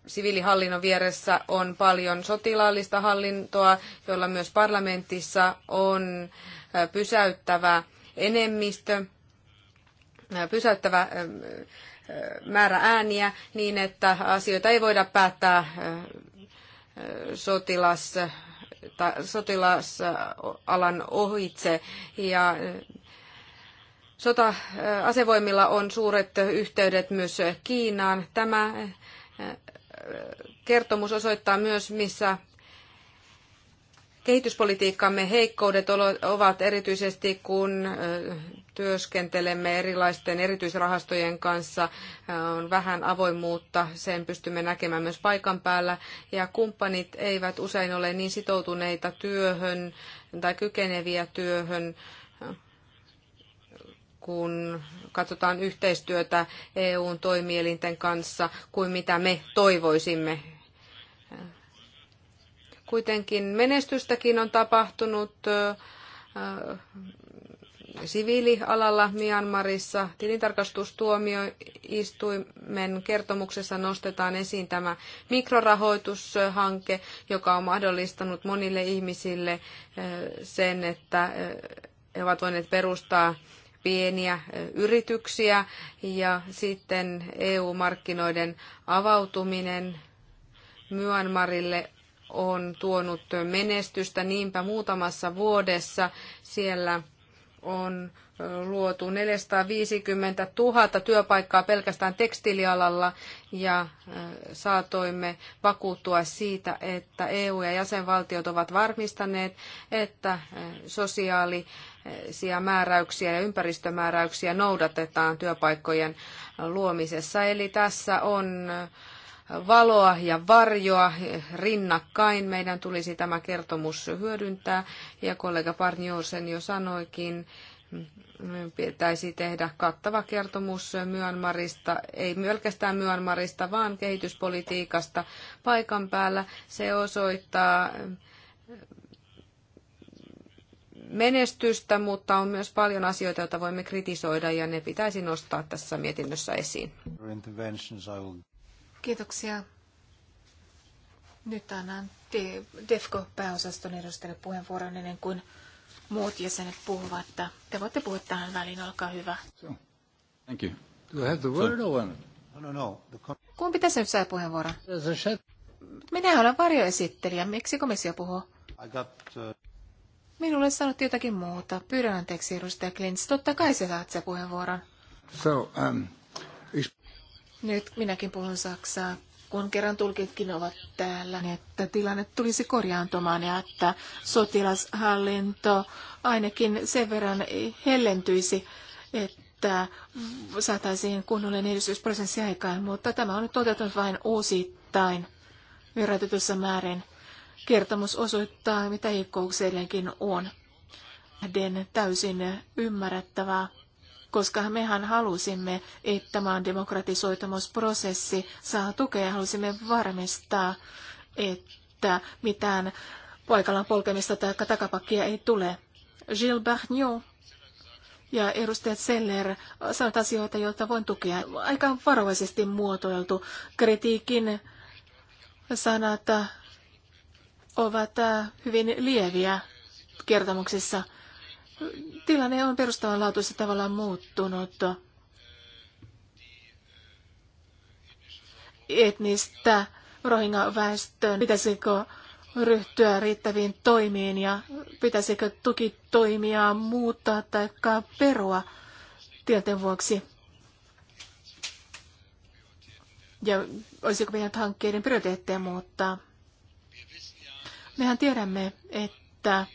siviilihallinnon vieressä on paljon sotilaallista hallintoa, jolla myös parlamentissa on pysäyttävä enemmistö, pysäyttävä ähm, määrä ääniä niin, että asioita ei voida päättää sotilas, ta, sotilasalan ohitse. Ja sota, asevoimilla on suuret yhteydet myös Kiinaan. Tämä kertomus osoittaa myös, missä kehityspolitiikkamme heikkoudet ovat erityisesti, kun työskentelemme erilaisten erityisrahastojen kanssa, äh, on vähän avoimuutta, sen pystymme näkemään myös paikan päällä, ja kumppanit eivät usein ole niin sitoutuneita työhön tai kykeneviä työhön, kun katsotaan yhteistyötä EUn toimielinten kanssa, kuin mitä me toivoisimme kuitenkin menestystäkin on tapahtunut. Äh, siviilialalla Myanmarissa. Tilintarkastustuomioistuimen kertomuksessa nostetaan esiin tämä mikrorahoitushanke, joka on mahdollistanut monille ihmisille eh, sen, että eh, he ovat voineet perustaa pieniä eh, yrityksiä ja sitten EU-markkinoiden avautuminen Myanmarille on tuonut menestystä niinpä muutamassa vuodessa siellä – on luotu 450 000 työpaikkaa pelkästään tekstiilialalla ja saatoimme vakuuttua siitä, että EU ja jäsenvaltiot ovat varmistaneet, että sosiaalisia määräyksiä ja ympäristömääräyksiä noudatetaan työpaikkojen luomisessa. Eli tässä on valoa ja varjoa rinnakkain. Meidän tulisi tämä kertomus hyödyntää ja kollega Parnio sen jo sanoikin, pitäisi tehdä kattava kertomus Myanmarista, ei pelkästään Myanmarista, vaan kehityspolitiikasta paikan päällä. Se osoittaa menestystä, mutta on myös paljon asioita, joita voimme kritisoida ja ne pitäisi nostaa tässä mietinnössä esiin. Kiitoksia. Nyt annan DEFCO-pääosaston edustajalle puheenvuoron ennen kuin muut jäsenet puhuvat. Te voitte puhua tähän väliin, olkaa hyvä. So, thank you. Do I have the word or one? No, no, no. The... Kumpi tässä nyt saa puheenvuoron? Minä olen varjoesittelijä. Miksi komissio puhuu? I got, uh... Minulle sanottiin jotakin muuta. Pyydän anteeksi, edustaja Klintz. Totta kai sä saat sen puheenvuoron. So, um, is... Nyt minäkin puhun saksaa, kun kerran tulkitkin ovat täällä, niin että tilanne tulisi korjaantumaan ja että sotilashallinto ainakin sen verran hellentyisi, että saataisiin kunnollinen edistysprosessi aikaan, mutta tämä on nyt toteutunut vain uusittain verratetussa määrin. Kertomus osoittaa, mitä edelleenkin on. Näiden täysin ymmärrettävää koska mehän halusimme, että maan demokratisoitumusprosessi saa tukea. Halusimme varmistaa, että mitään paikallaan polkemista tai takapakkia ei tule. Gilles Bernier ja edustajat Seller sanovat asioita, joita voin tukea. Aika varovaisesti muotoiltu. Kritiikin sanat ovat äh, hyvin lieviä kertomuksissa tilanne on perustavanlaatuisesti tavalla muuttunut. Etnistä rohinga-väestön pitäisikö ryhtyä riittäviin toimiin ja pitäisikö tukitoimia muuttaa tai perua tieten vuoksi? Ja olisiko meidän hankkeiden prioriteetteja muuttaa? Mehän tiedämme, että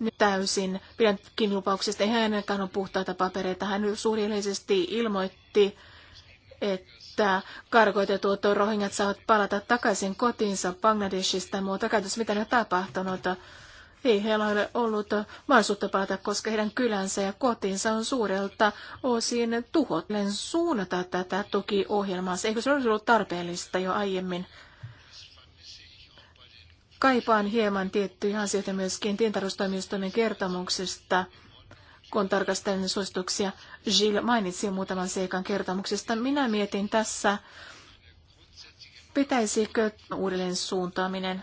nyt täysin. Pidän Kim lupauksesta. Ei hänelläkään ole puhtaita papereita. Hän suurillisesti ilmoitti, että karkoitetut rohingat saavat palata takaisin kotiinsa Bangladeshista, mutta käytössä mitä ne tapahtunut. Ei heillä ole ollut mahdollisuutta palata, koska heidän kylänsä ja kotiinsa on suurelta osin tuhotlen suunnata tätä tukiohjelmaa. Eikö se olisi ollut tarpeellista jo aiemmin? kaipaan hieman tiettyjä asioita myöskin tientarustoimistoimen kertomuksesta, kun tarkastelen suosituksia. Gilles mainitsi muutaman seikan kertomuksesta. Minä mietin tässä, pitäisikö uudelleen suuntaaminen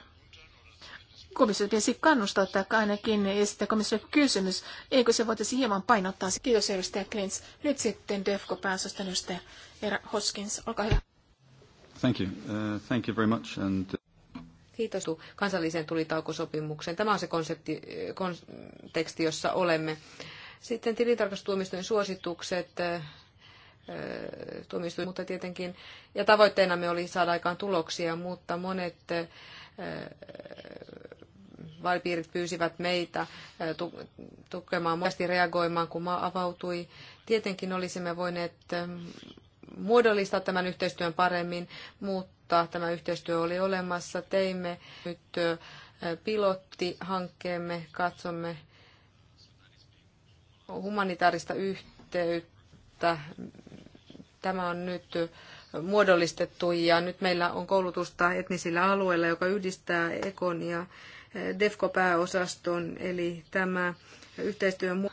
komissio pitäisi kannustaa tai ainakin esittää komissiolle kysymys. Eikö se voitaisi hieman painottaa? Kiitos edustaja Klins. Nyt sitten DEFCO pääsostan edustaja Hoskins. Olkaa hyvä. Thank you. Uh, thank you very much. And, uh, Kiitos kansalliseen tulitaukosopimukseen. Tämä on se konsepti, eh, konteksti, jossa olemme. Sitten tilintarkastustuomioistuin suositukset eh, eh, tuomioistuin, mutta tietenkin, ja tavoitteenamme oli saada aikaan tuloksia, mutta monet vaalipiirit pyysivät meitä tukemaan, muasti reagoimaan, kun maa avautui. Tietenkin olisimme voineet muodollistaa tämän yhteistyön paremmin, mutta mutta tämä yhteistyö oli olemassa. Teimme nyt pilottihankkeemme, katsomme humanitaarista yhteyttä. Tämä on nyt muodollistettu ja nyt meillä on koulutusta etnisillä alueilla, joka yhdistää Ekon ja DEFCO-pääosaston, eli tämä yhteistyön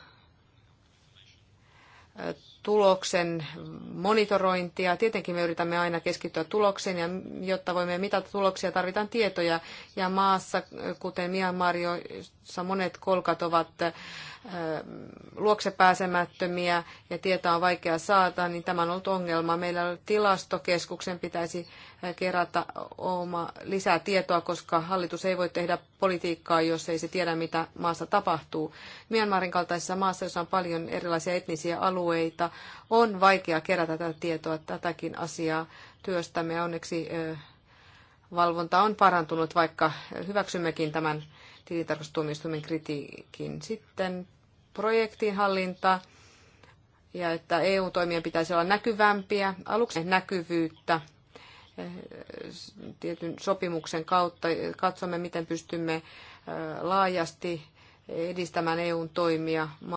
tuloksen monitorointia. Tietenkin me yritämme aina keskittyä tulokseen ja jotta voimme mitata tuloksia, tarvitaan tietoja. Ja maassa, kuten Myanmar, jossa monet kolkat ovat luoksepääsemättömiä ja tietoa on vaikea saada, niin tämä on ollut ongelma. Meillä tilastokeskuksen pitäisi kerätä oma lisää tietoa, koska hallitus ei voi tehdä politiikkaa, jos ei se tiedä, mitä maassa tapahtuu. Myanmarin kaltaisessa maassa, jossa on paljon erilaisia etnisiä alueita, on vaikea kerätä tätä tietoa, tätäkin asiaa työstämme. Onneksi valvonta on parantunut, vaikka hyväksymmekin tämän tilintarkastustuomioistuimen kritiikin. Sitten projektin hallinta ja että EU-toimien pitäisi olla näkyvämpiä. Aluksi näkyvyyttä tietyn sopimuksen kautta. Katsomme, miten pystymme laajasti edistämään EUn toimia.